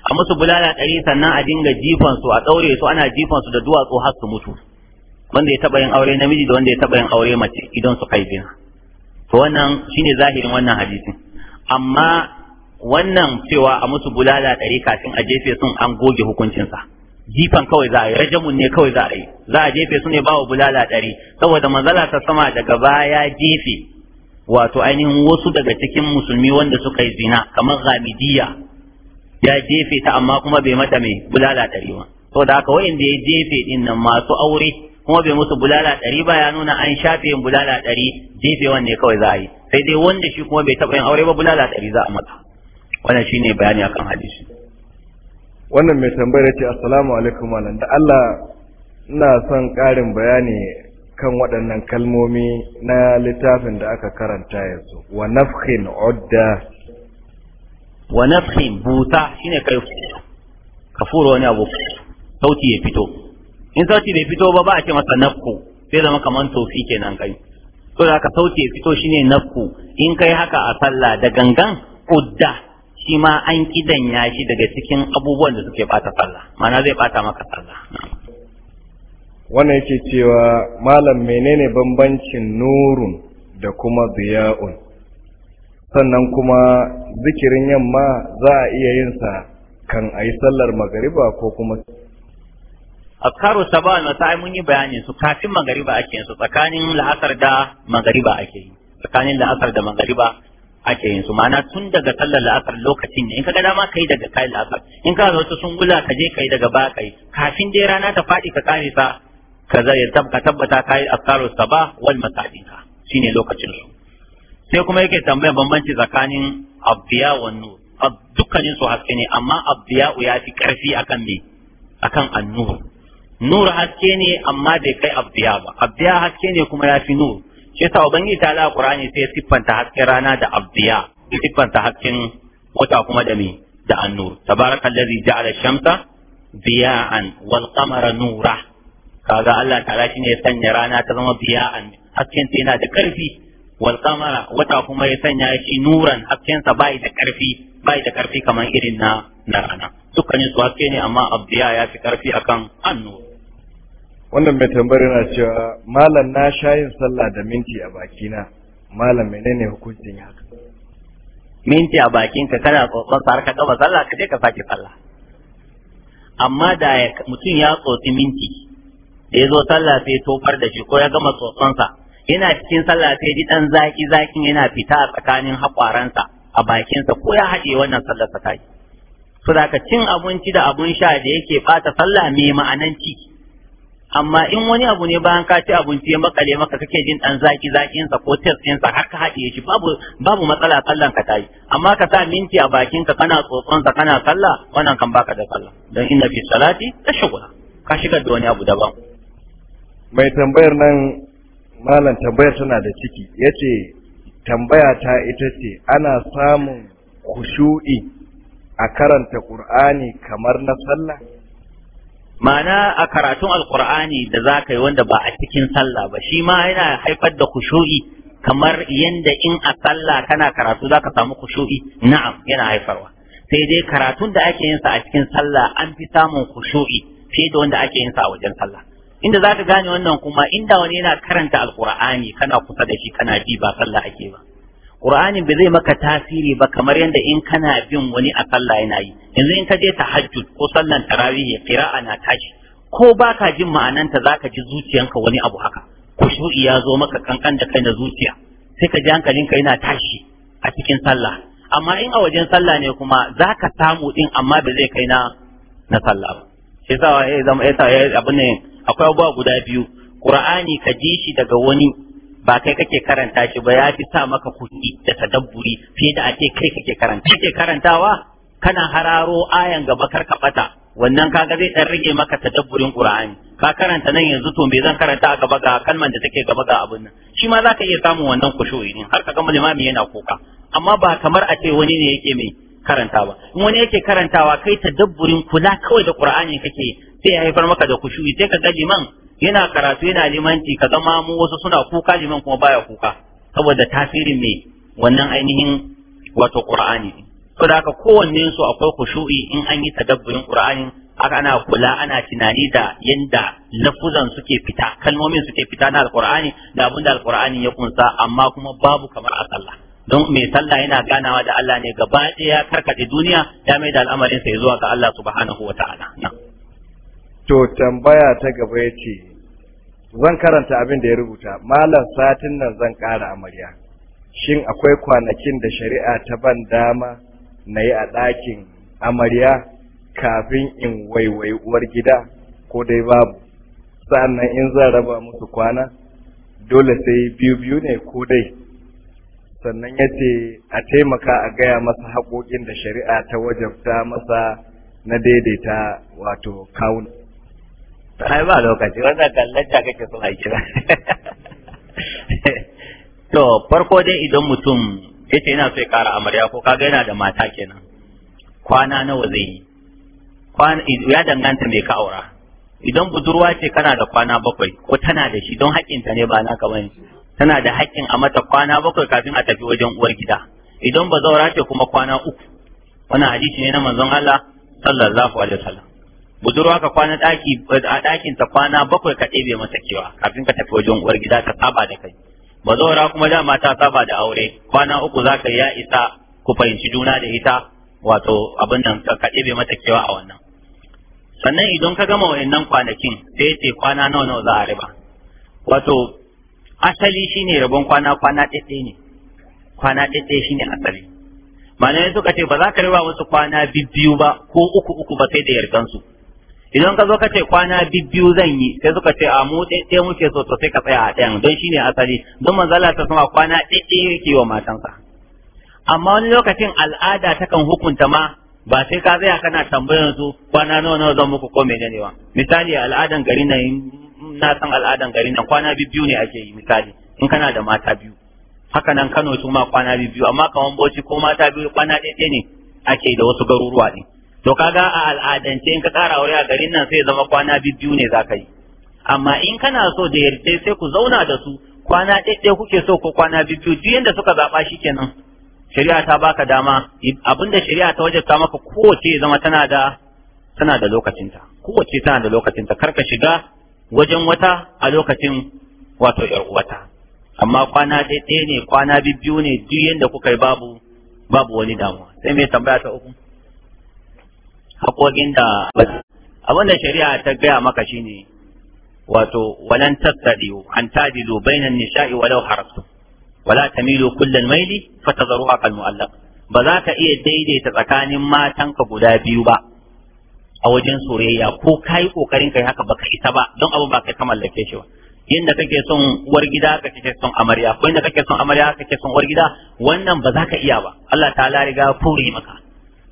a musu bulala ɗari sannan a dinga jifan su a ɗaure su ana jifan su da duwatsu har su mutu wanda ya taba yin aure namiji da wanda ya taba yin aure mace idan suka yi zina to wannan shine zahirin wannan hadisin amma wannan cewa a musu bulala ɗari kafin a jefe sun an goge hukuncinsa jifan kawai za a yi rajamun ne kawai za a yi za a jefe su ne bawa bulala ɗari saboda manzala ta sama daga baya jefe wato ainihin wasu daga cikin musulmi wanda suka yi zina kamar ghamidiyya ya jefe ta amma kuma bai mata mai bulala ɗari ba saboda haka wanda ya jefe ɗin masu aure kuma bai musu bulala ɗari ba ya nuna an shafe yin bulala ɗari jefewan ne kawai za a yi sai dai wanda shi kuma bai taɓa yin aure ba bulala ɗari za a mata wannan shi ne bayani akan hadisi wannan mai tambayar ce assalamu alaikum malam da Allah ina son ƙarin bayani kan waɗannan kalmomi na littafin da aka karanta yanzu wa nafhin odda wa nafhin buta shine kai ka ne wani abu sauti ya fito in sauti bai fito ba ba a ce masa nafku sai zama kamar tofi kenan kai to da ka sauti ya fito shine nafku in kai haka a sallah da gangan kudda shi ma an ya shi daga cikin abubuwan da suke bata sallah ma'ana zai bata maka sallah wannan yake cewa malam menene bambancin nurun da kuma ziya'un sannan kuma zikirin yamma za a iya yin sa kan ayi sallar magariba ko kuma azkaru sabah na sa'i mun yi bayanin su kafin magariba ake yin su tsakanin la'asar da magariba ake yi tsakanin la'asar da magariba ake yin su ma'ana tun daga sallar la'asar lokacin ne in ka ga dama kai daga kai la'asar in ka zo sun gula ka je kai daga ba kai kafin dai rana ta faɗi ka kare sa ka zai tabbata kai azkaru sabah wal masa'ika shine lokacin su sai kuma yake tambaya bambanci tsakanin abdiya wa nur dukkanin su haske ne amma abdiya ya fi karfi akan me akan annur Nura haske ne amma bai kai abdiya ba abdiya haske ne kuma ya fi nur shi yasa ubangiji ta ala qur'ani sai siffanta hasken rana da abdiya siffanta hasken wata kuma da me da annur tabarakallazi shamsa nura kaga Allah ta'ala shine ya sanya rana ta zama biya'an hasken ta yana da karfi wal qamara wata kuma ya sanya shi nuran hasken sa bai da karfi bai da karfi kamar irin na na rana dukkanin su haske ne amma abdiya ya fi karfi akan annur wannan mai tambayar yana cewa malam na sha yin sallah da minti a bakina malam menene hukuncin haka minti a bakinka kana tsotsar, har ka kaba sallah ka je ka sake sallah amma da mutum ya tsotsi minti da ya zo sallah sai tofar da shi ko ya gama tsotsonsa yana cikin sallah sai ji dan zaki zakin yana fita a tsakanin haƙwaransa a bakinsa ko ya haɗe wannan sallar ta yi. Sadaka cin abinci da abun sha da yake bata sallah mai ma'anan ciki amma in wani abu ne bayan ka ci abinci ya makale maka kake jin dan zaki zakin sa ko tes din sa har ka haɗiye shi babu babu matsala sallan ka tayi amma ka sa minti a bakin ka kana tsotson sa kana sallah wannan kan baka da sallah dan inna fi salati tashghula ka shigar da wani abu daban mai tambayar nan malam tambayar tana da ciki yace tambaya ta ita ce ana samun khushu'i a karanta qur'ani kamar na sallah ma'ana a karatun alkur'ani da za ka yi wanda ba a cikin sallah ba shi ma yana haifar da kushu'i kamar yanda in a sallah kana karatu za ka samu kushu'i na'am yana haifarwa sai dai karatun da ake yinsa a cikin sallah an fi samun kushu'i fiye da wanda ake yinsa a wajen sallah inda za ka gane wannan kuma inda wani yana karanta alkur'ani kana kusa da shi kana ji ba sallah ake ba Qur'ani bai zai maka tasiri ba kamar yadda in kana bin wani a sallah yana yi yanzu in ka je tahajjud ko sallan tarawih qira'a na tashi ko baka jin ma'anan ta zaka ji zuciyanka wani abu haka kushu'i ya zo maka kankan da kai na zuciya sai ka ji hankalinka yana tashi a cikin sallah amma in a wajen sallah ne kuma zaka samu din amma ba zai kai na na sallah ba sai sa ya zama ya abu ne akwai abubuwa guda biyu Qur'ani ka ji shi daga wani ba kai kake karanta shi ba ya fi sa maka kuɗi da tadabburi fiye da a kai kake karanta kake karantawa kana hararo ayan gaba kar ka bata wannan kaga zai dan rage maka tadabburin qur'ani ka karanta nan yanzu to me zan karanta a gaba ga kalman da take gaba ga abin nan shi ma zaka iya samun wannan kushoyi ne har ka ga limami yana kuka amma ba kamar a ce wani ne yake mai karanta ba in wani yake karantawa kai tadabburin kula kawai da qur'ani kake sai ya haifar maka da kushu'i sai ka ga liman yana karatu yana limanci ka zama mu wasu suna kuka liman kuma baya kuka saboda tasirin mai wannan ainihin wato qur'ani to da haka kowanne su akwai kushu'i in an yi tadabburin qur'ani aka ana kula ana tunani da yanda lafuzan suke fita kalmomin suke fita na alqur'ani da abin da alqur'ani ya kunsa amma kuma babu kamar a sallah don mai sallah yana ganawa da Allah ne gaba ɗaya karkace duniya ya mai da al'amarin sa zuwa ga Allah subhanahu wataala na'am to tambaya ta gaba ya ce zan karanta abin da ya rubuta malam satin nan zan ƙara amarya shin akwai kwanakin da shari'a ta ban dama na yi a ɗakin amarya kafin in waiwai uwar gida ko dai babu sa'annan in zan raba musu kwana dole sai biyu biyu ne ko dai sannan ya ce a taimaka a gaya masa haƙoƙin da shari'a ta wajabta masa na daidaita wato kawuna. ai ba lokaci wannan kallanta kake son aiki ba <laughs> to farko dai idan mutum yace yana so ya kara amarya ko kaga yana da mata kenan kwana nawa zai yi kwana ya danganta mai ka aura idan budurwa ce kana da kwana bakwai ko tana da shi don haƙƙinta ne ba na bane tana da haƙƙin a mata kwana bakwai kafin a tafi wajen uwar gida idan ba zaura ce kuma kwana uku wannan hadisi ne na manzon Allah sallallahu alaihi wasallam budurwa ka kwana daki a dakin ta kwana bakwai ka ɗebe masa kewa kafin ka tafi wajen uwar gida ka saba da kai ba zaura kuma dama ta saba da aure kwana uku za ka ya isa ku fahimci juna da ita wato abin nan ka ɗebe mata kewa a wannan sannan idan ka gama wayannan kwanakin sai ce kwana nawa nawa za a riba wato asali shine rabon kwana kwana ɗaɗɗe ne kwana ɗaiɗe shine asali yanzu ka ce ba za ka riba wasu kwana biyu ba ko uku uku ba sai da yardansu idan ka zo ka ce kwana biyu zan yi sai suka ce a mu ɗaya muke so to sai ka tsaya a ɗayan don shine asali don manzala ta sama kwana ɗaya yake wa matansa amma wani lokacin al'ada takan hukunta ma ba sai ka tsaya kana tambayan su kwana nawa nawa zan muku ko menene ba misali al'adan gari nan na san al'adan gari nan kwana biyu ne ake yi misali in kana da mata biyu haka nan Kano su ma kwana biyu amma kaman Bauchi ko mata biyu kwana ɗaiɗe ne ake da wasu garuruwa ne to kaga a al'adance in ka tsara aure a garin nan sai zama kwana biyu ne za ka yi amma in kana so da yarda sai ku zauna da su kwana ɗaya kuke so ko kwana biyu duk yanda suka zaɓa shi kenan shari'a ta baka dama abinda shari'a ta wajabta maka kowace zama tana da tana da lokacinta kowace tana da lokacinta kar ka shiga wajen wata a lokacin wato yar uwata amma kwana ɗaya ne kwana biyu ne duk yanda kuka yi babu babu wani damuwa sai mai tambaya ta uku haƙoƙin da abin da shari'a ta gaya maka shine wato walan tattadiu an tadilu bainan nisa'i walau haraftum wala tamilu kullal maili fatadharuha kal mu'allaq ba za ka iya daidaita tsakanin matanka guda biyu ba a wajen soyayya ko kai kokarin kai haka baka isa ba don abin ba kai ka mallake shi ba yadda kake son uwar gida ka kake son amarya ko yadda kake son amarya kake son uwar gida wannan ba za ka iya ba Allah ta riga fure maka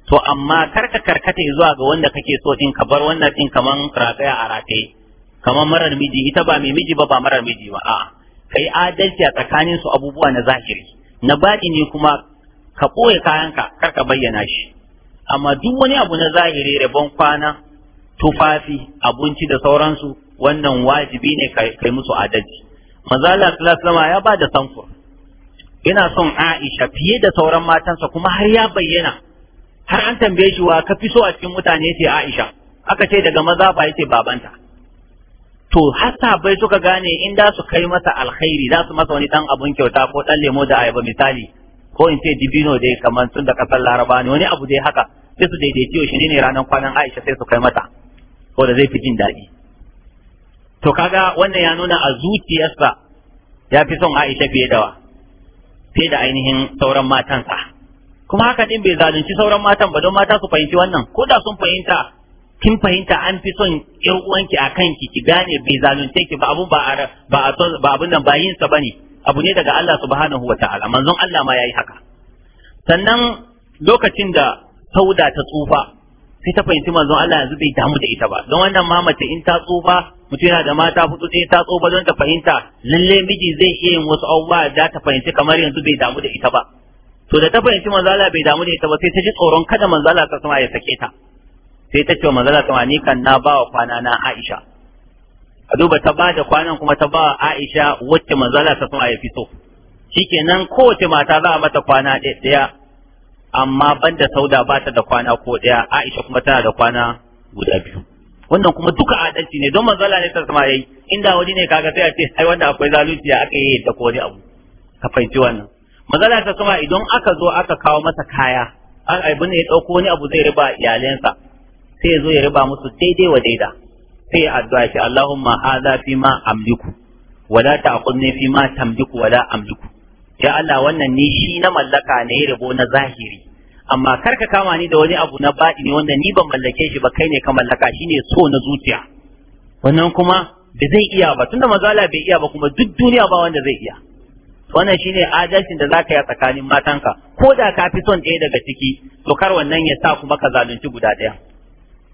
to amma karka karkata zuwa ga wanda kake so din ka bar wannan din kaman rataya a rataye kaman marar miji ita ba mai miji ba ba marar miji ba a'a kai adalci a tsakanin su abubuwa na zahiri na baɗi ne kuma ka ɓoye kayanka kar ka bayyana shi amma duk wani abu na zahiri rabon kwana tufafi abinci da sauransu wannan wajibi ne kai musu adalci manzala sallallahu ya ba da samfur ina son Aisha fiye da sauran matansa kuma har ya bayyana har an tambaye shi wa ka fi so a cikin mutane ce Aisha aka ce daga maza ba ce babanta to har sabai suka gane in da su kai masa alkhairi za su masa wani dan abun kyauta ko dan lemo da ayaba misali ko in ce dibino dai kamar tun da kasar laraba ne wani abu dai haka sai su daidaici shi ne ranar kwanan Aisha sai su kai mata ko da zai fi jin daɗi to kaga wannan ya nuna a zuciyarsa ya fi son Aisha fiye da wa fiye da ainihin sauran matansa kuma haka din bai zalunci sauran matan ba don mata su fahimci wannan ko da sun fahimta kin fahimta an fi son yar uwanki a kanki ki gane bai zalunce ki ba abun ba ba ba abun nan ba yin sa bane abu ne daga Allah subhanahu wataala manzon Allah ma yayi haka sannan lokacin da sauda ta tsufa sai ta fahimci manzon Allah yanzu bai damu da ita ba don wannan ma in ta tsufa mutum yana da mata hudu sai ta tsufa don ta fahimta lalle miji zai iya yin wasu abubuwa da ta fahimci kamar yanzu bai damu da ita ba to da ta fahimci manzala bai damu da ita ba sai ta ji tsoron kada manzala ta sama ya sake ta sai ta ce wa manzala sama ni kan na ba wa kwana na Aisha a duba ta ba da kwanan kuma ta ba Aisha wacce manzala ta sama ya fito shikenan kowace mata za a mata kwana ɗaya amma banda sauda ba ta da kwana ko ɗaya Aisha kuma tana da kwana guda biyu wannan kuma duka adalci ne don manzala ne ta sama yayi inda wani ne kaga sai a ce ai wanda akwai zalunci aka yi da ko wani abu ka fahimci wannan mazala ta kama idan aka zo aka kawo masa kaya an aibu ne ya ɗauko wani abu zai riba iyalensa sai ya zo ya riba musu daidai wa daida sai ya addu'a shi Allahumma hadha fi ma amliku wala ta'qulni fi ma tamliku wala amliku ya Allah wannan ni shi na mallaka ne rabo na zahiri amma kar ka kama ni da wani abu na baɗi ne wanda ni ban mallake shi ba kai ne ka mallaka shi ne so na zuciya wannan kuma da zai iya ba tunda mazala bai iya ba kuma duk duniya ba wanda zai iya wannan shine adalcin da zaka yi tsakanin matanka ko da ka fi son ɗaya daga ciki to kar wannan ya sa kuma ka zalunci guda ɗaya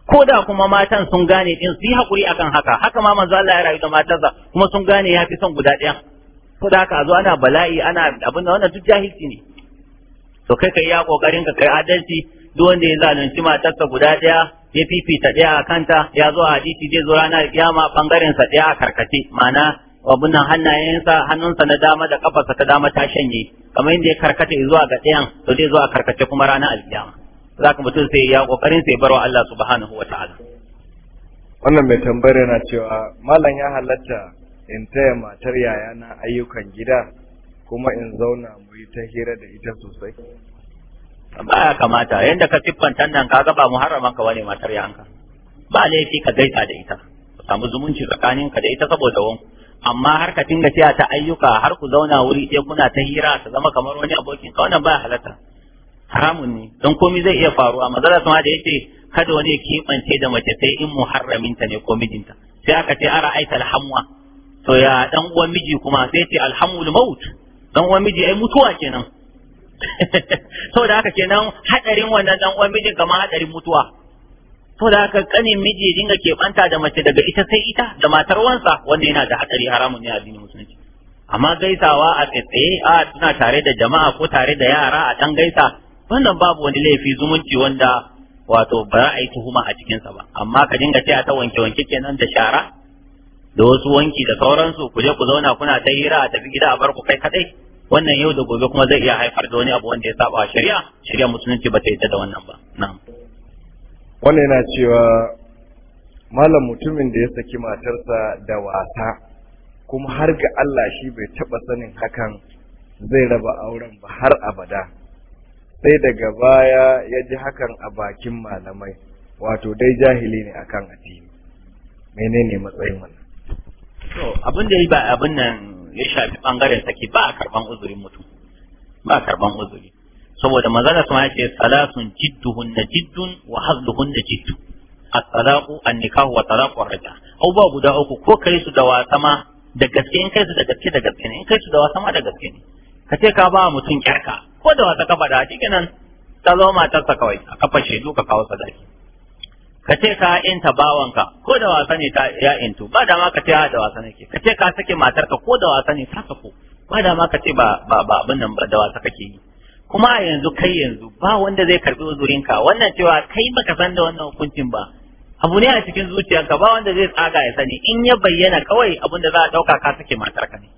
ko da kuma matan sun gane din su yi hakuri akan haka haka ma manzo Allah ya rayu da matarsa kuma sun gane ya fi son guda ɗaya ko da haka a zo ana bala'i ana abin wannan duk jahilci ne to kai kai ya kokarin ka kai adalci duk wanda ya zalunci matarsa guda ɗaya ya fifita ɗaya a kanta ya zo a hadisi zai zo ranar kiyama bangaren sa ɗaya a karkace ma'ana abin hannayensa hannunsa na dama da kafarsa ta dama ta shanye kamar yadda ya karkata zuwa ga ɗayan to zai zo a karkace kuma ranar alkiyama za ka mutum sai ya kokarin sai barwa Allah subhanahu wa ta'ala wannan mai tambayar yana cewa malam ya halatta in taya matar yaya na ayyukan gida kuma in zauna mu yi ta hira da ita sosai baya kamata yadda ka siffanta nan ka ba muharraman ka wani matar yanka ba laifi ka gaisa da ita samu zumunci tsakaninka da ita saboda wani amma har ka tinga tiya ta ayyuka har ku zauna wuri ɗaya kuna ta hira ta zama kamar wani abokin ka wannan baya halatta haramun ne don komai zai iya faruwa manzala sun da yace kada wani ya kimance da mace sai in muharraminta ne ko mijinta sai aka ce ara aita alhamwa to ya dan uwan miji kuma sai ce alhamul maut dan uwan miji ai mutuwa kenan <laughs> saboda haka kenan hadarin wannan dan uwan mijin kamar hadarin mutuwa saboda haka kanin miji dinga banta da mace daga ita sai ita da matar wansa wanda yana da hatsari haramun ne a addinin musulunci amma gaisawa a tsaye a tuna tare da jama'a ko tare da yara a dan gaisa wannan babu wani laifi zumunci wanda wato ba za a yi tuhuma a cikinsa ba amma ka dinga ce ta wanke wanke kenan da shara da wasu wanki da sauransu ku je ku zauna kuna ta hira a tafi gida a bar ku kai kadai wannan yau da gobe kuma zai iya haifar da wani abu wanda ya saba shari'a shari'a musulunci ba ta ta da wannan ba na'am wanda yana cewa malam mutumin da ya saki matarsa da wasa kuma har ga Allah shi bai taɓa sanin hakan zai raba auren ba har abada sai daga baya ya ji hakan a bakin malamai wato dai jahili ne akan addini menene matsayin wannan to abin da yi ba abin nan ya shafi bangaren saki ba a karban uzurin mutum ba a karban uzuri saboda manzala sun ce salasun jidduhunna jiddun wa da jiddu at-talaqu an-nikahu wa talaqu ar-raja ba guda uku ko kai su da wasa ma da gaske in kai su da gaske da gaske ne in kai su da wasa ma da gaske ne ka ce ka ba mutum kyarka ko da wasa ka faɗa shi kenan ta zama matarsa kawai a kafa shaidu ka kawo sadaki ka ce ka inta bawanka ko da wasa ne ta ya intu ba da ma ka ce ha ah, da wasa ke. ka ce ka sake matarka ko da wasa ne ta sako ba da ma ka ce ba ba abin nan ba da wasa kake yi kuma a yanzu kai yanzu ba wanda zai karbi uzurinka wannan cewa kai baka san da wannan hukuncin ba abu ne a cikin zuciyarka ba wanda zai tsaga ya sani in ya bayyana kawai abin da za a dauka ka sake matarka ne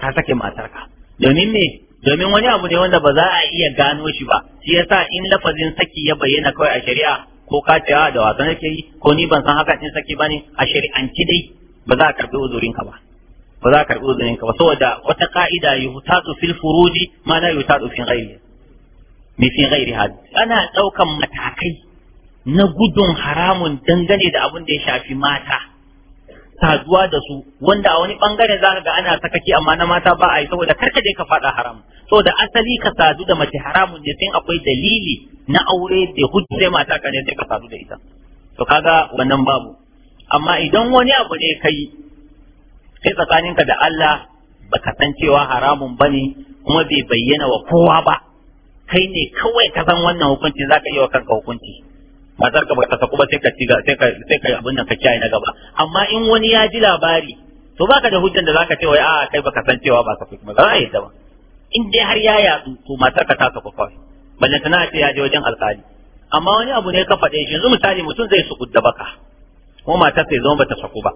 ka sake matarka domin me domin wani abu ne wanda ba za a iya gano shi ba shi yasa in lafazin saki ya bayyana kawai a shari'a ko ka ce ah, da wasan yake yi ko ni ban san haka in saki bane a shari'anci dai ba za a karbi uzurinka ba ba za ka karɓi uzurin ka ba saboda wata ka'ida yuhtatu fil furuji ma la yuhtatu fi ghairi bi fi ghairi had ana daukan matakai na gudun haramun dangane da abin da ya shafi mata saduwa da su wanda a wani bangare za ka ga ana sakaki amma na mata ba a yi saboda karka je ka faɗa haram saboda asali ka sadu da mace haramun ne sai akwai dalili na aure da hujjar mata ka ne sai ka sadu da ita to kaga wannan babu amma idan wani abu ne kai kai tsakaninka da Allah baka san cewa haramun bane kuma bai bayyana wa kowa ba kai ne kawai ka san wannan hukunci zaka iya wa kanka hukunci matar ka baka saku ba sai ka sai ka sai ka abin nan ka kiyaye na gaba amma in wani ya ji labari to baka da hujjan da zaka ce wai a ah, kai baka san cewa ba fi kuma za a yi ba in dai har ya yatsu to matar ka ta saku kawai balle tana ce ya je wajen alƙali. amma wani abu ne ka faɗe shi yanzu misali mutum zai suku da baka kuma matar sai zama bata saku ba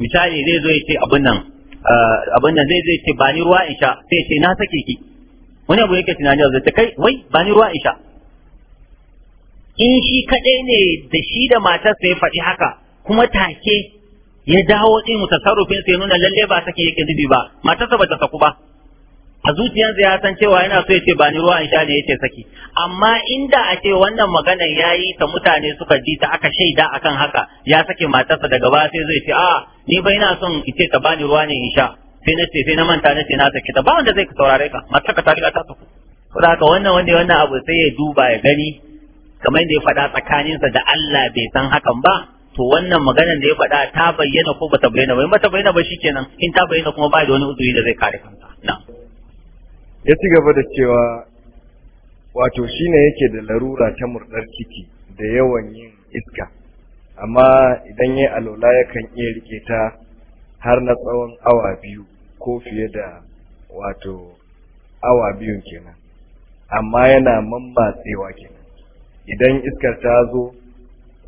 misali zai zo ya ce abin nan eh, abin nan zai zai ce ba ni ruwa in sha sai ce na sake ki wani abu yake tunani zai ce kai wai ba ni ruwa in sha in shi kaɗai ne da shi da matarsa ya faɗi haka kuma take ya dawo ɗin tasarrufin sai nuna lalle ba sake yake zubi ba matarsa ba ta saku ba a zuciyarsa ya san cewa yana so ya ce ba ni ruwa in sha ne yace saki amma inda a ce wannan maganar yayi ta mutane suka ji ta aka shaida akan haka ya sake matarsa daga baya sai zai ce a ni ba ina son in ce ta bani ruwa ne in sha sai na ce sai na manta na ce na saki ta ba wanda zai ka saurare ka matar ka ta riga ta saku saboda haka wannan wanda wannan abu sai ya duba ya gani kamar yadda ya faɗa tsakaninsa da Allah bai san hakan ba to wannan maganar da ya faɗa ta bayyana ko bata bayyana ba in bata bayyana ba shikenan in ta bayyana kuma ba da wani uzuri da zai kare kanta na'am ya ci gaba da cewa wato shine yake da larura ta murdar ciki da yawan yin iska amma idan ya alola yakan iya rike ta har na tsawon awa biyu ko fiye da wato awa biyun kenan amma yana mammatsewa kenan idan iskar ta zo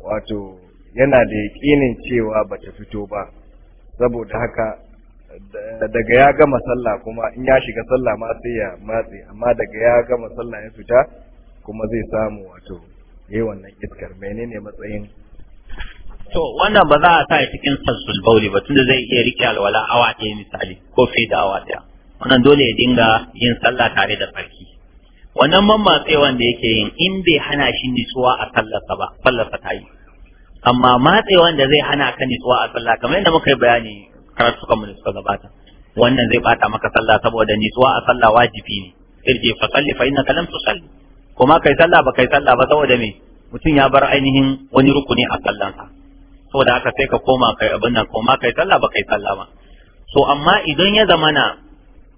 wato yana da yaƙinin cewa ba ta fito ba saboda haka daga ya gama sallah kuma in ya shiga sallah ma sai ya matse amma daga ya gama sallah ya fita kuma zai samu wato yi wannan iskar menene matsayin to wannan ba za a sa cikin sassul bauli ba tunda zai iya rike alwala awa ɗaya misali ko fi da awa ɗaya wannan dole ya dinga yin sallah tare da sarki wannan matsayi wanda yake yin in bai hana shi nitsuwa a sallarsa ba sallarsa ta yi amma matsewan wanda zai hana ka nitsuwa a sallah kamar yadda muka yi bayani karatukan mu suka gabata wannan zai bata maka sallah saboda nitsuwa a sallah wajibi ne irje fa salli fa innaka lam tusalli kuma kai sallah ba kai sallah ba saboda me mutum ya bar ainihin wani rukuni a sallansa saboda haka sai ka koma kai abin nan koma kai sallah ba kai sallah ba so amma idan ya zamana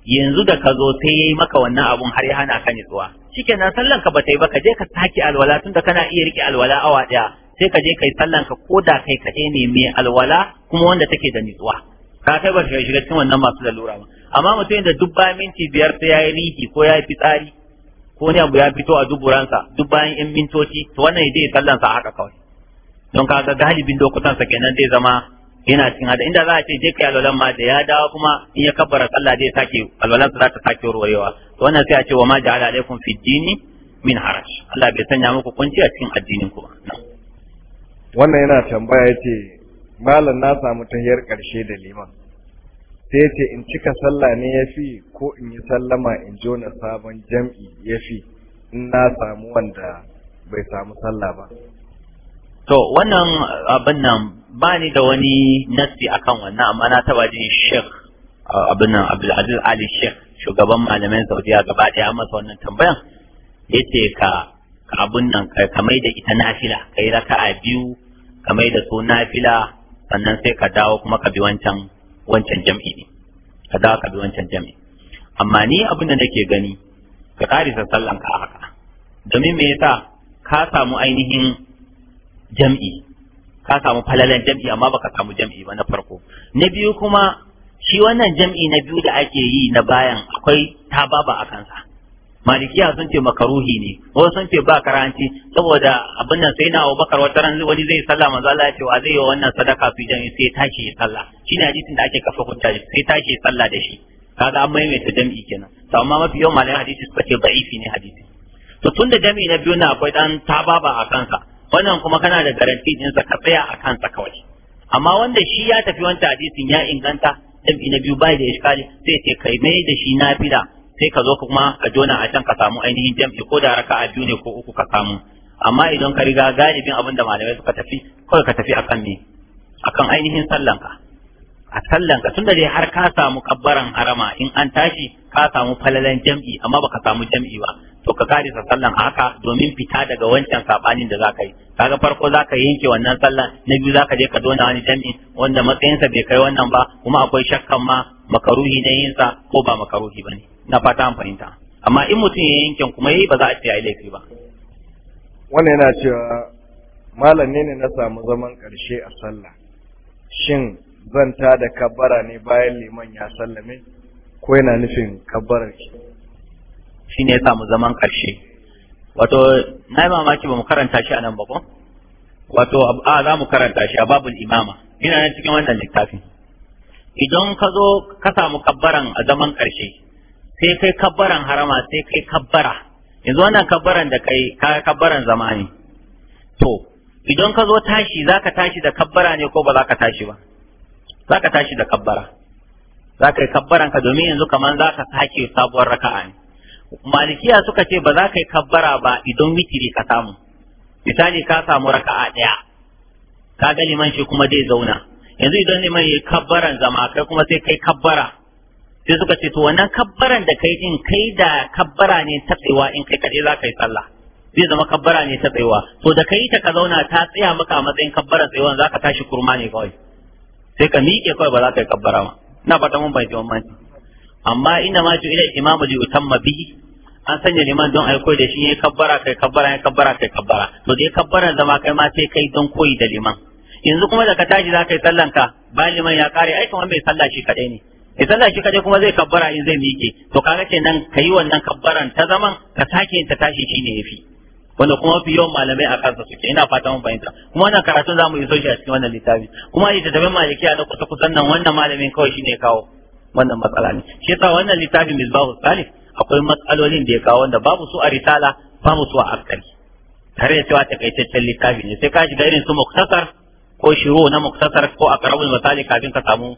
yanzu da ka zo sai yayi maka wannan abun har ya hana ka nitsuwa shikenan sallan ka ba ta yi ba ka je ka saki alwala tunda kana iya rike alwala awa daya sai ka je kai sallan ka koda kai kaɗai ne mai alwala kuma wanda take da nitsuwa ka kai ba shiga cikin wannan masu lalura ba amma mutum da duk bayan minti biyar sai ya yi riki ko ya yi fitsari ko ne abu ya fito a duburansa duk bayan yan mintoci to wannan ya je sallan sa haka kawai don ga galibin sa kenan zai zama yana cikin hada inda za a ce je kai alwalan ma da ya dawo kuma in ya kabbara sallah zai sake alwalan sa za ta sake ruwayewa to wannan sai a ce wa ma ja'ala alaikum fi dini min haraj Allah bai sanya muku kunci a cikin addinin ku ba wannan yana tambaya yace malam na samu tahiyar ƙarshe da liman sai ya ce in cika sallah ne ya fi ko in yi sallama in jo na sabon jam'i ya fi in na samu wanda bai samu sallah ba to wannan abin nan ba ni da wani nasi akan wannan amma na taba jin shek abin nan abdulaziz ali shek shugaban malaman saudiya gaba ɗaya masa wannan tambayan ya ce ka abin nan ka da ita nafila ka yi raka'a biyu ka da su nafila sannan sai ka dawo kuma ka bi wancan wancan jam'i ne ka dawo ka bi wancan jam'i amma ni abin da nake gani ka karisa sallan ka haka domin me yasa ka samu ainihin jam'i ka samu falalan jam'i amma baka samu jam'i ba na farko na biyu kuma shi wannan jam'i na biyu da ake yi na bayan akwai tababa a kansa malikiya sun ce makaruhi ne wasu sun ce ba karanci saboda abin nan sai na Abu Bakar wata ran wani zai sallah manzo Allah ya ce wa zai yi wannan sadaka fi jami'i sai tashi ya sallah ne hadisin da ake kafa hujja sai tashi ya sallah da shi kaga an maimaita jami'i kenan to amma mafi yawan malai hadisi suka ce ba'ifi ne hadisi to tun da jami'i na biyu na akwai dan tababa a kansa wannan kuma kana da garanti din sa ka tsaya a kansa kawai amma wanda shi ya tafi wancan hadisin ya inganta jami'i na biyu bai da iskali sai ce kai mai da shi nafila sai ka zo kuma ka jona a can ka samu ainihin jam'i ko da raka biyu ne ko uku ka samu amma idan ka riga galibin abin da malamai suka tafi kawai ka tafi akan ne akan ainihin sallanka a sallanka tunda dai har ka samu kabbaran harama in an tashi ka samu falalan jam'i amma baka samu jam'i ba to ka karisa sallan haka domin fita daga wancan sabanin da zaka yi kaga farko zaka yanke wannan sallan na biyu zaka je ka dona wani jam'i wanda matsayinsa bai kai wannan ba kuma akwai shakkan ma makaruhi na yinsa ko ba makaruhi bane na fata an fahimta amma in mutum ya yankin kuma yi ba za a ce yi laifi ba Wani yana cewa malam ne na samu zaman karshe a sallah shin zan ta da kabbara ne bayan liman ya sallame ko yana nufin kabbarar ki Shi ya samu zaman karshe wato na yi mamaki ba mu karanta shi a nan ba ko wato a za mu karanta shi a babul imama ina nan cikin wannan littafin idan ka zo ka samu kabbaran a zaman ƙarshe sai kai kabbaran harama sai kai kabbara yanzu wannan kabbaran da kai ka kabbaran zama ne to idan ka zo tashi zaka tashi da kabbara ne ko ba zaka tashi ba zaka tashi da kabbara zaka yi kabbaran ka domin yanzu kaman zaka sake sabuwar raka'a ne malikiya suka ce ba za ka yi kabbara ba idan witiri ka samu misali ka samu raka'a daya ka ga liman shi kuma zai zauna yanzu idan liman yayi kabbaran zama kai kuma sai kai kabbara sai suka ce to wannan kabbaran da kai din kai da kabbara ne ta tsayuwa in kai kaɗai za ka yi sallah zai zama kabbara ne ta tsayuwa to da kai ta ka zauna ta tsaya maka a matsayin kabbara tsayuwan za ka tashi kurma ne kawai sai ka miƙe kawai ba za ka yi kabbara ba ina fata mun bai wannan amma inda ma ju ila imamu ji utamma bi an sanya liman don aiko da shi yayi kabbara kai kabbara ya kabbara kai kabbara to dai kabbara zama kai ma sai kai don koyi da liman yanzu kuma da ka tashi za ka yi sallanka ba liman ya kare aikin wani mai sallah shi kaɗai ne idan da shi kaje kuma zai kabbara in zai miƙe to kaga kenan kayi wannan kabbaran ta zaman ka sake ta tashi shine yafi wanda kuma fi yawan malamai a kansa suke ina fata mun fahimta kuma wannan karatun zamu iso shi a cikin wannan littafi kuma da maliki a na kusa kusan nan wannan malamin kawai shine kawo wannan matsala ne shi yasa wannan littafi misbahu salih akwai matsalolin da ya kawo wanda babu su a risala babu su a askari tare da cewa takaitaccen littafi ne sai ka shiga irin su muktasar ko shiru na muktasar ko a karabul misali kafin ka samu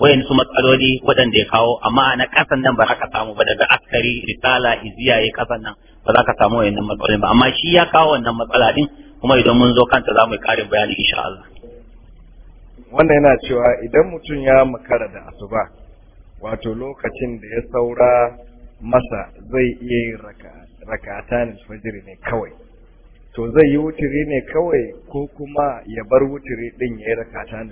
wayan su matsaloli waɗanda ya kawo amma na ƙasan nan ba za ka samu ba daga askari risala iziya ya ƙasan nan ba za ka samu wayannan matsaloli ba amma shi ya kawo wannan matsala din kuma idan mun zo kanta za mu yi bayani insha Allah wannan yana cewa idan mutum ya makara da asuba wato lokacin da ya saura masa zai iya yin rakatanis fajiri ne kawai to zai yi wuturi ne kawai ko kuma ya bar wuturi din ya yi raka'atan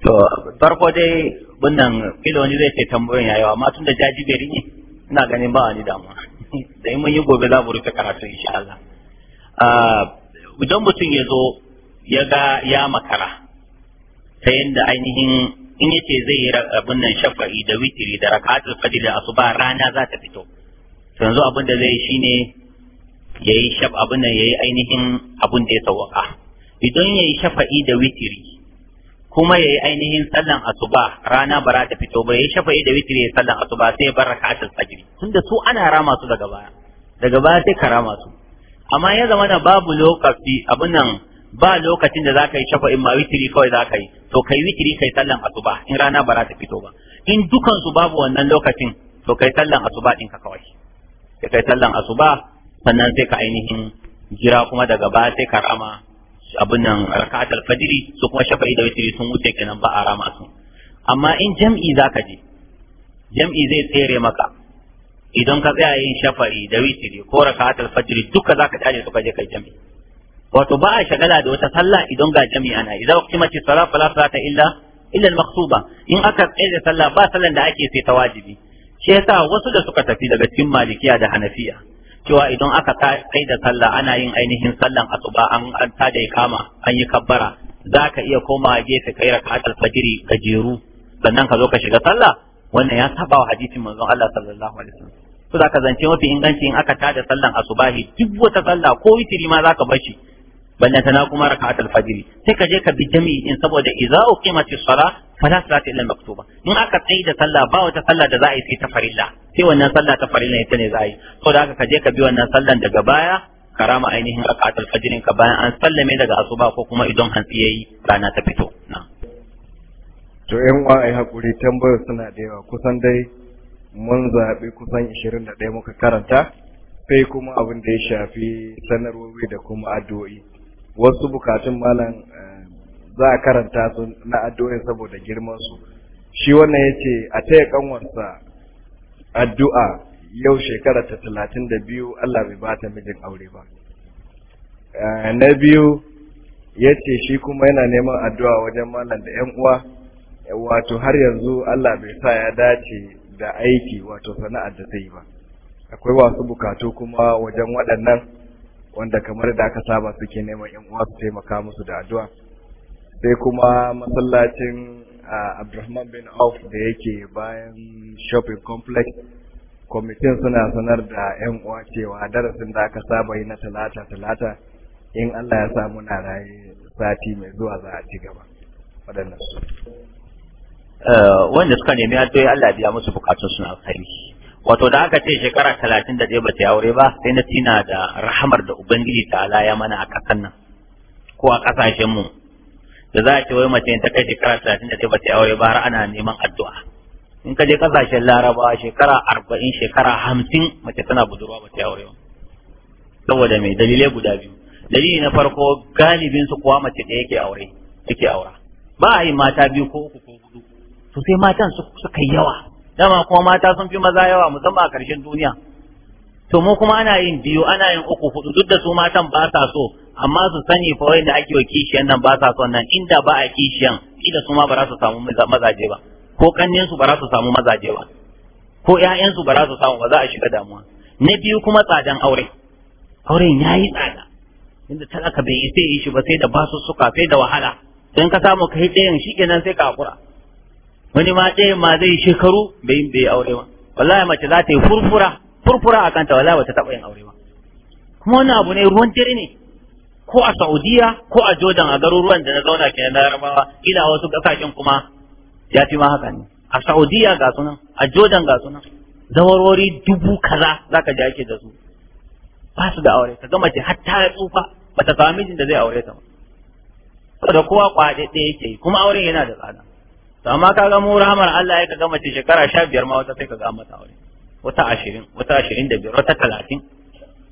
to farko dai wannan filo ne zai ce tambayoyin yayi amma tun da jajiberi ne ina ganin ba wani damuwa da <laughs> mun yi gobe za mu rufe karatu insha Allah idan mutum ya zo ya ga ya makara ta yadda ainihin in yace zai yi abin nan shafa'i da witiri da rakatul fajr da asuba rana za ta fito to yanzu abin da zai shine yayi shaf abin nan yayi ainihin abin da ya sawaka idan yayi shafa'i da witiri kuma ya yi ainihin sallan asuba rana ba za ta fito ba yayi shafa'i da witri sallan asuba sai ya bar rakatul fajiri tunda su ana rama su daga baya daga baya sai ka rama su amma ya zama da babu lokaci abun nan ba lokacin da zaka yi shafa in ma witri kawai zaka yi to kai witri kai sallan asuba in rana ba za ta fito ba in dukan su babu wannan lokacin to kai sallan asuba din ka kawai kai sallan asuba sannan sai ka ainihin jira kuma daga baya sai ka rama abin nan rakatul fajiri su kuma shafa'i da witri sun wuce kenan ba a rama su amma in jam'i zaka je jam'i zai tsere maka idan ka tsaya yin shafa'i da witri ko rakatul fajiri duka zaka tsare su ka je kai jam'i wato ba a shagala da wata sallah idan ga jami'a ana idan waqti mace sala fala salata illa illa al-maqsuba in aka tsaye da sallah ba sallan da ake sai ta wajibi shi yasa wasu da suka tafi daga cikin malikiya da hanafiya cewa idan aka kai da sallah ana yin ainihin sallan asuba an an tada kama an yi kabbara za ka iya koma gefe kai raka'at al-fajri ka jeru sannan ka zo ka shiga sallah wannan ya saba wa hadisin manzon Allah sallallahu alaihi wasallam to zaka zance mafi inganci in aka tada sallan asubahi duk wata sallah ko witiri ma zaka bar shi na kuma raka'atul fajr sai ka je ka bi jami'i din saboda idza uqimatis sala fala salata illa maktuba in aka tsayi da sallah ba wata sallah da za a yi sai ta farilla sai wannan sallah ta farilla ita ne za a yi saboda haka ka je ka bi wannan sallan daga baya karama ainihin raka'atul fajr ka bayan an sallame daga asuba ko kuma idan hantsi yayi rana ta fito to yan uwa ai hakuri tambayar suna da yawa kusan dai mun zaɓi kusan 21 muka karanta sai kuma abin da ya shafi sanarwowi da kuma addu'o'i wasu bukatun malam eh, za a karanta su na addu'a saboda girman su shi wannan yace a taya kanwarsa addu'a yau shekara ta talatin da biyu Allah bai bata mijin aure ba eh, na biyu yace shi kuma yana neman addu'a wajen malam da yan uwa wato har yanzu Allah bai sa ya dace da aiki wato sana'ar da ta yi ba akwai wasu bukatu kuma wajen waɗannan wanda kamar da aka saba suke neman yan uwa su taimaka musu da addu'a sai kuma masallacin Abdulrahman bin Auf da yake bayan shopping complex kwamitin suna sanar da yan uwa cewa darasin da aka saba yi na talata talata in Allah ya sa muna raye sati mai zuwa za a ci gaba waɗannan eh, wanda suka nemi addu'a, Allah ya biya musu bukatun suna alkhairi wato da aka ce shekara talatin da ɗaya ba aure ba sai na tina da rahamar da ubangiji ta ala ya mana a ƙasan nan ko a ƙasashen mu da za a ce wai mace ta kai shekara talatin da ɗaya ba aure ba har ana neman addu'a in ka je ƙasashen larabawa shekara arba'in shekara hamsin mace tana budurwa ba ta aure ba saboda mai dalilai guda biyu dalili na farko galibin su kuwa mace ɗaya yake aure take aura ba a yi mata biyu ko uku ko hudu to sai matan suka yawa dama kuma mata sun fi maza yawa musamman a ƙarshen duniya to mu kuma ana yin biyu ana yin uku hudu duk da su matan ba sa so amma su sani fa wanda ake wa kishiyan nan ba sa so nan inda ba a kishiyan kila su ma ba za su samu mazaje ba ko kannin su ba za su samu mazaje ba ko ƴaƴan su ba za su samu ba za a shiga damuwa na biyu kuma tsadan aure auren yi tsada inda talaka bai isa yi shi ba sai da basu suka sai da wahala don ka samu kai ɗayan shi kenan sai ka hakura wani ma ɗaya ma zai shekaru bai bai aure ba wallahi mace za ta yi furfura furfura a kanta wallahi ba ta taɓa yin aure ba kuma wani abu ne ruwan dare ne ko a Saudiya ko a Jordan a garuruwan da na zauna ke na Larabawa ila wasu kasashen kuma ya fi ma haka ne a Saudiya ga sunan a Jordan ga sunan zawarwari dubu kaza zaka ji ake da su ba su da aure ka ga mace har ta tsufa bata samu mijin da zai aure ta ba da kowa kwaɗe ɗaya yake kuma auren yana da tsada to amma kaga mu rahmar Allah ya kaga mace shekara sha biyar ma wata sai kaga mata aure wata ashirin wata ashirin da biyar wata talatin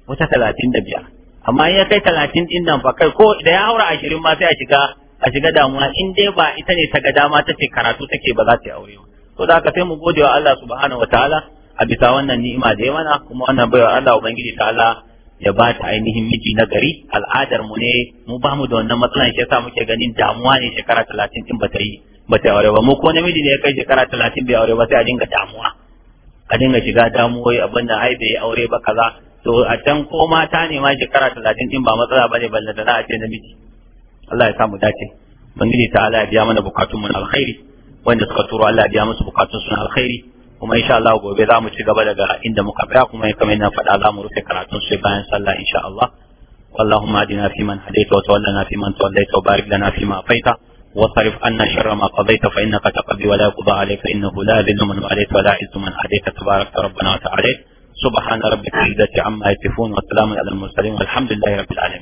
wata talatin da biyar amma in ya kai talatin din nan fa kai ko da ya haura ashirin ma sai a shiga a shiga damuwa in dai ba ita ne ta ga dama ta ce karatu take ba za ta yi aure ba to da haka sai mu gode wa Allah subhanahu wataala a bisa wannan ni'ima da ya mana kuma wannan baiwa Allah ubangiji ta Allah ya ba ta ainihin miji na gari al'adar mu ne mu ba mu da wannan matsalan shi yasa muke ganin damuwa ne shekara talatin din bata yi bata aure ba mu ko namiji ne ya kai shekara talatin bai aure ba sai a dinga damuwa a dinga shiga damuwoyi abin da ai bai aure ba kaza to a can ko mata ne ma shekara talatin din ba matsala ba ne balle da za a ce namiji Allah ya samu dace ubangiji ta Allah ya biya mana bukatun mu na alkhairi wanda suka turo Allah ya biya musu bukatun su na alkhairi kuma insha Allah gobe za mu ci gaba daga inda muka tsaya kuma kamar na faɗa za mu rufe karatun sai bayan sallah insha Allah اللهم اهدنا فيمن هديت وتولنا فيمن توليت وبارك لنا فيما اعطيت وصرف عنا شر ما قضيت فانك تقضي ولا يقضى عليك انه لا يذل من عليك ولا عز من عليك تبارك ربنا وتعالى سبحان ربك العزه عما يصفون وسلام على المرسلين والحمد لله رب العالمين